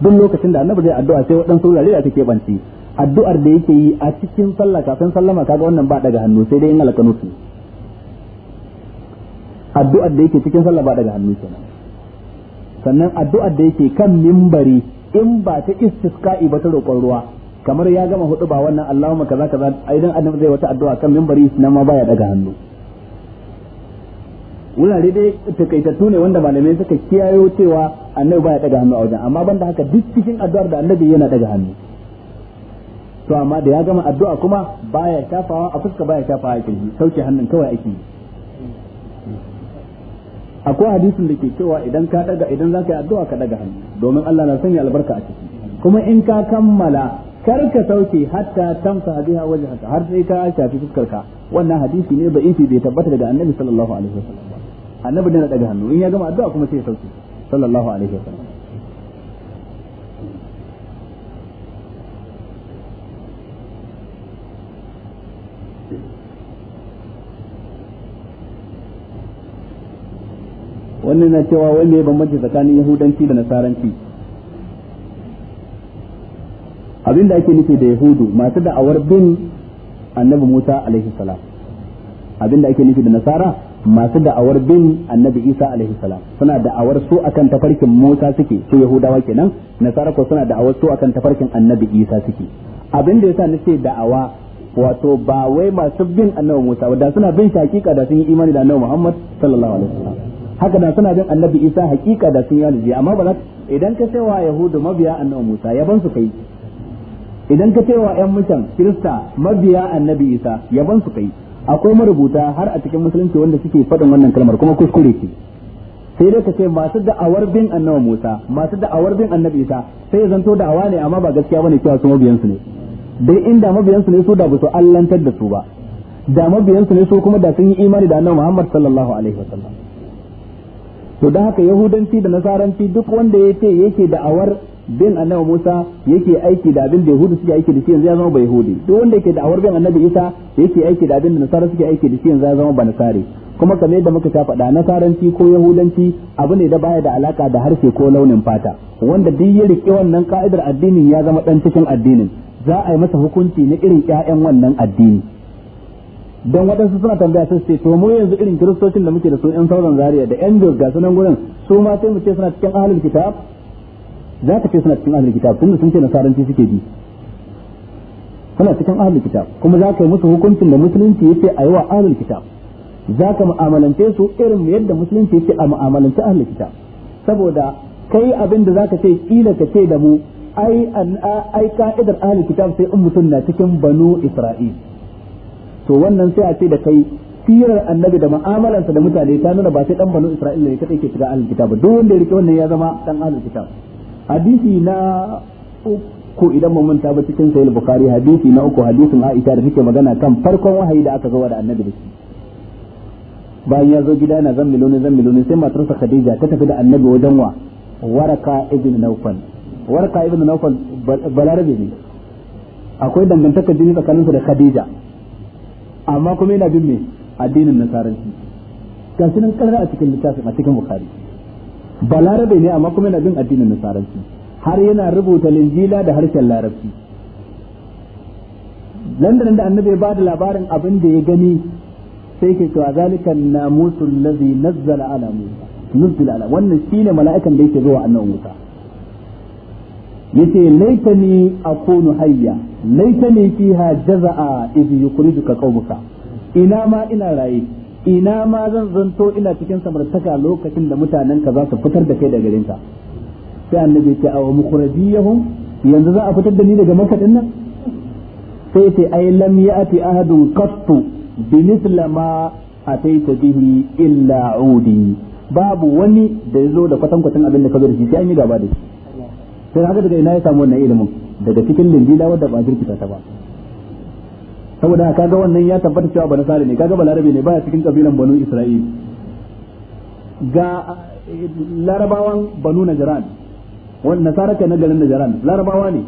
duk lokacin da annabi zai addu'a sai waɗansu wurare da take banci addu'ar da yake yi a cikin sallah kafin sallama kaga wannan ba daga hannu sai dai in alƙanusu addu'ar da yake cikin sallah ba daga hannu kenan sannan addu'ar da yake kan mimbari in ba ta istisqa'i ba ta roƙon ruwa kamar ya gama hudu ba wannan Allahumma kaza kaza idan annabi zai wata addu'a kan mimbari nan ma baya daga hannu wurare dai takaitattu ne wanda malamai suka kiyayo cewa annabi baya daga hannu a wajen amma banda haka duk cikin addu'ar da annabi yana daga hannu to amma da ya gama addu'a kuma baya shafawa a fuska baya shafawa a kirji sauke hannun kawai ake yi akwai hadisin da ke cewa idan ka daga idan zaka yi addu'a ka daga hannu domin Allah na sanya albarka a ciki kuma in ka kammala karka ka sauke hatta tamsa biha wajhaka har sai ka shafi fuskarka wannan hadisi ne bai bai tabbata daga annabi sallallahu alaihi wasallam annabi ne daga hannu in ya gama addu'a kuma sai ya sauke sallallahu alaihi wasallam wannan na cewa wanda ya bambanci tsakanin yahudanci da nasaranci abin da ake nufi da yahudu masu da'awar bin annabi Musa alaihi salam abin da ake nufi da nasara masu da'awar bin annabi Isa alaihi salam suna da'awar su akan tafarkin Musa suke su Yahudawa kenan nasara ko suna da'awar su akan tafarkin annabi Isa suke abin da yasa nace da'awa wato ba wai masu bin annabi Musa ba da suna bin shi hakika da sun yi imani da annabi Muhammad sallallahu alaihi wasallam haka da suna bin annabi isa hakika da sun yi amma ba idan ka wa yahudu mabiya annabi musa yaban su kai idan ka wa yan mutan kirista mabiya annabi isa yaban su kai akwai marubuta har a cikin musulunci wanda suke faɗin wannan kalmar kuma kuskure ce sai dai ka ce masu da'awar bin annabi musa masu da'awar bin annabi isa sai ya zanto da'awa ne amma ba gaskiya bane cewa su su ne dai inda su ne su da ba allantar da su ba da su ne su kuma da sun yi imani da annabi muhammad sallallahu alaihi wasallam to da haka yahudanci da nasaranci duk wanda ya ce yake da'awar bin annabi Musa yake aiki da abin da yahudu suke aiki da shi yanzu ya zama ba yahudi duk wanda yake da'awar bin annabi Isa yake aiki da abin da nasara suke aiki da shi yanzu ya zama ba nasare kuma kamar yadda muka ta faɗa nasaranci ko yahudanci abu ne da baya da alaka da harshe ko launin fata wanda duk ya rike wannan ka'idar addinin ya zama dan cikin addinin za a yi masa hukunci na irin ƴaƴan wannan addini don waɗansu suna tambaya sun ce to mu yanzu irin kiristocin da muke da su yan sauran zaria da yan jos ga sunan gurin su ma sai mu ce suna cikin ahalin kitab za ka ce suna cikin ahalin kitab tunda sun ce nasaranci suke bi suna cikin ahalin kitab kuma za ka yi musu hukuncin da musulunci yake a yi wa ahalin kitab za ka mu'amalance su irin yadda musulunci yake a mu'amalance ahalin kitab saboda kai abin da za ka ce kila ka ce da mu ai ka'idar ahalin kitab sai in mutum na cikin banu isra'il to wannan sai a ce da kai firar annabi da mu'amalansa da mutane ta nuna ba sai dan banu isra'ila ne kadai ke shiga ahlul kitab duk wanda ya rike wannan ya zama dan ahlul kitab hadisi na uku idan mun manta ba cikin sahih bukhari hadisi na uku hadisin aisha da take magana kan farkon wahayi da aka zo da annabi da shi bayan ya zo gida na zan miloni zan miloni sai matarsa khadija ta tafi da annabi wajen wa waraka ibn nawfal waraka ibn nawfal balarabe ne akwai dangantaka jini tsakaninsa da khadija amma kuma yana bin me addinin nasaranci gashi nan karra a cikin littafi a cikin bukhari balarabe ne amma kuma yana bin addinin nasaranci har yana rubuta linjila da harshen larabci nan da annabi ya bada labarin abin da ya gani sai ke cewa zalika namusul ladzi nazzala ala musa nazzala ala wannan shine mala'ikan da yake zuwa annabi musa yace laitani akunu hayya laita ne fiha jaza'a idh yukriduka qaumuka ina ma ina raye ina ma zan zanto ina cikin samartaka lokacin da mutanen ka za su fitar da kai daga garin ka sai annabi ce aw mukhrajiyahum yanzu za a fitar da ni daga makka din nan sai ce ai lam ya'ti ahadun qattu bi mithla ma ataita bihi illa udi babu wani da yazo da kwatan abin da ka zo da shi sai an yi gaba da shi sai haka daga ina ya samu wannan ilimin daga cikin lindila wadda ba jirkita ta ba saboda kaga wannan ya tabbata cewa na tsari ne kaga balarabe ne baya cikin kabilan banu isra'il ga eh, larabawan banu najran wanda nasara na garin najran larabawa ne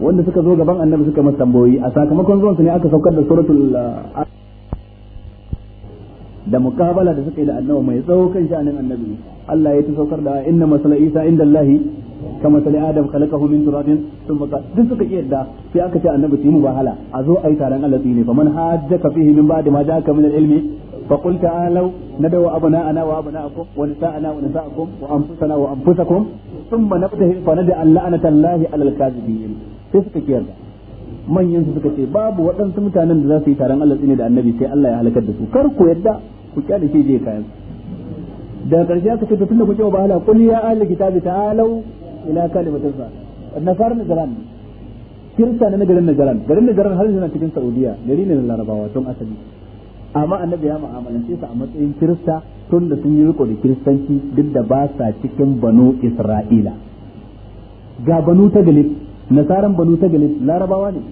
wanda suka zo gaban annabi suka masa tambayoyi a sakamakon zuwan su ne aka saukar da suratul ah, da mukabala da suka yi da annabi mai tsawo kan sha'anin annabi Allah ya ta saukar da inna masala isa inda Allahi kama sali adam khalaqahu min turabin thumma qala duk suka ki yadda sai aka ce annabi mu wahala a zo ai taron Allah ne faman hajjaka fihi min ba'di ma ja'aka min al-ilmi fa qul ta'alu nadaw abna'ana wa abna'akum wa nisa'ana wa nisa'akum wa anfusana wa anfusakum thumma nabtahi fa nad'a la'nata Allahi 'alal kadhibin sai suka ki yadda manyan su suka ce babu waɗansu mutanen da za su yi taron Allah ne da annabi sai Allah ya halakar da su kar ku yadda ku kyale shi je kayan daga ƙarshe aka ce to tunda kuke bahala qul ya ahli kitabi ta'alu ila kalimatin sa nasar najaran ne kirista ne na garin najaran garin najaran har yana cikin saudiya gari ne na larabawa tun asali amma annabi ya mu'amalance su a matsayin kirista tun da sun yi riko da kiristanci duk da ba sa cikin banu isra'ila ga banu ta galib nasaran banu ta galib larabawa ne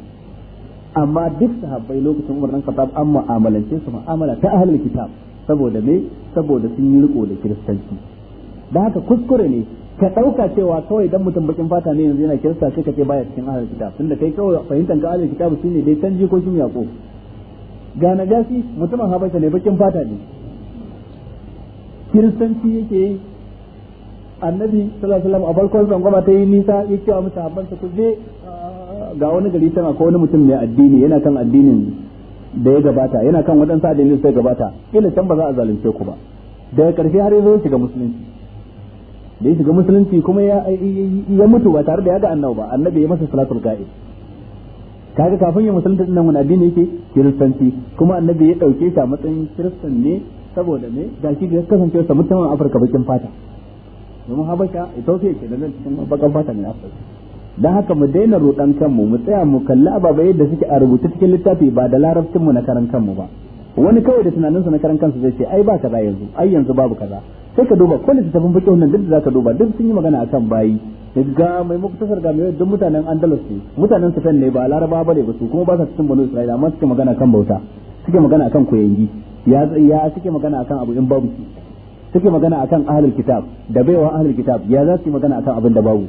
amma duk sahabbai lokacin umarnin dan an mu'amalance su mu'amala ta ahlul kitab saboda me saboda sun yi riko da kiristanci da haka kuskure ne ka dauka cewa kawai dan mutum bakin fata ne yanzu yana kirista sai ka ce baya cikin ahlul kitab tunda kai kawai fahimtar ka ahlul kitab ne dai canji ko shin yaqo ga gasi mutumin habasha ne bakin fata ne kiristanci yake annabi sallallahu alaihi wasallam a farkon zangoma ta yi nisa ya ce wa musahabban ku je ah, ga wani gari tana ko wani mutum mai addini yana kan addinin da ya gabata yana kan waɗansu addinin sai gabata kila can ba za a zalunce ku ba daga ƙarfi har ya zo shiga musulunci da ya shiga musulunci kuma ya ya mutu ba tare da ya ga annabi ba annabi ya masa salatul ga'i kaga kafin ya musulunta din wani addini yake kiristanci kuma annabi ya dauke shi a matsayin kiristan ne saboda me da shi da kasance sa mutumin Afirka bakin fata domin habasha Ethiopia ke da nan cikin bakin fata ne Afirka dan haka mu daina rudan kanmu mu tsaya mu kalli ababai da suke a rubuce cikin littafi ba da larabcin mu na karan kanmu ba wani kawai da tunaninsa na karan kansu zai ce ai ba ka kaza yanzu ai yanzu babu kaza sai ka duba ko tafin bakin nan duk da zaka duba duk sun yi magana akan bayi ga mai muktasar ga mai duk mutanen Andalus ne mutanen Spain ne ba Laraba ne ba su kuma ba sa cikin Banu Isra'ila amma suke magana kan bauta suke magana akan koyangi ya ya suke magana akan abu in babu shi suke magana akan ahlul kitab da baiwa ahlul kitab ya za su yi magana akan abin da babu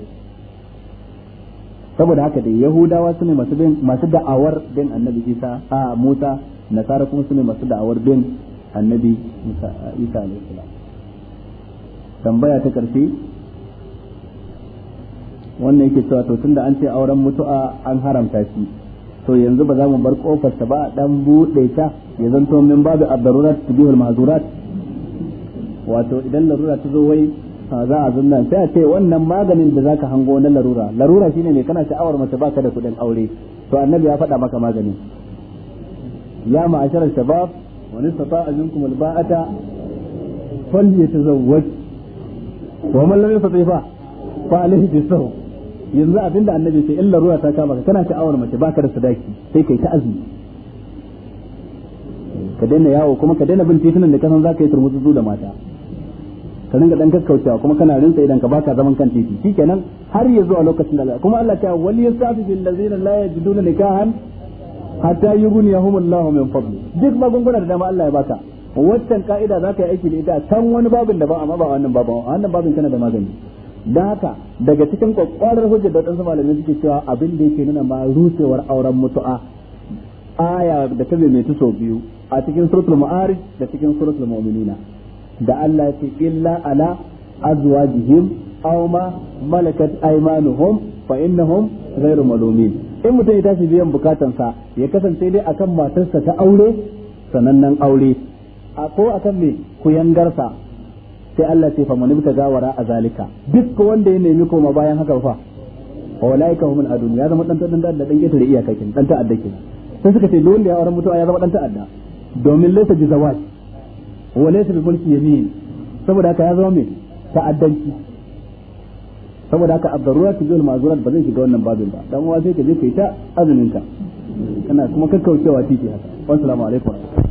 saboda haka dai Yahudawa su ne masu bin masu da'awar bin Annabi Isa a Musa nasara kuma su ne masu da'awar bin annabi isa alaihi tambaya ta karfi wannan yake cewa to tunda an ce auren mutu'a an haramta shi to yanzu ba za mu bar kofar ta ba dan bude ta ya zanto min babu ad-darurat tubihul mahzurat wato idan larura ta zo wai za a zunna sai a ce wannan maganin da zaka hango na larura larura shine ne kana sha'awar mace baka da kudin aure to annabi ya faɗa maka maganin ya ma'ashara shabab wa nistata minkum alba'ata falyatazawwaj wa man lam yastati fa fa alayhi bisahu yanzu abinda annabi sai illa ruwa ta kama ka kana sha'awar mace ba ka da sadaki sai kai ta azumi ka daina yawo kuma ka daina bin titunan da kasan zaka yi turmutsu da mata ka ringa dan kakkaucewa kuma kana rinsa idan ka baka zaman kan titi shikenan har ya zuwa lokacin da kuma Allah ta wali yasafi bil ladzina la yajiduna nikahan hatta yughniyahum Allah min fadli duk magunguna da dama Allah ya baka waccan ka'ida za ka yi aiki da ita can wani babin da ba amma ba wannan babin wannan babin kana da magani da haka daga cikin kwakwarar hujja da wadansu malamai suke cewa abin da yake nuna ma rusewar auren mutu'a aya da ta mai sau biyu a cikin suratul ma'arij da cikin suratul mu'minina da Allah ya ce illa ala azwajihim aw ma malakat aymanuhum fa innahum ghayru malumin in mutum ya tashi biyan bukatansa ya kasance dai akan matarsa ta aure sanannen aure a ko akan me kuyangarsa sai Allah ce fa mun bi gawara a zalika duk wanda ya nemi koma bayan haka fa walaika homin a ya zama dan dan da dan yake da iyakakin dan ta'adda ke sai suka ce dole ya auren mutuwa ya zama dan ta'adda domin laysa bi zawaj wa laysa bi mulki yamin saboda haka ya zama me ta'addanci saboda haka ad ta zuwa ma'zurat ba zai shiga wannan babin ba dan uwa sai ka je kai ta azumin ka kana kuma kakkaucewa titi haka assalamu alaikum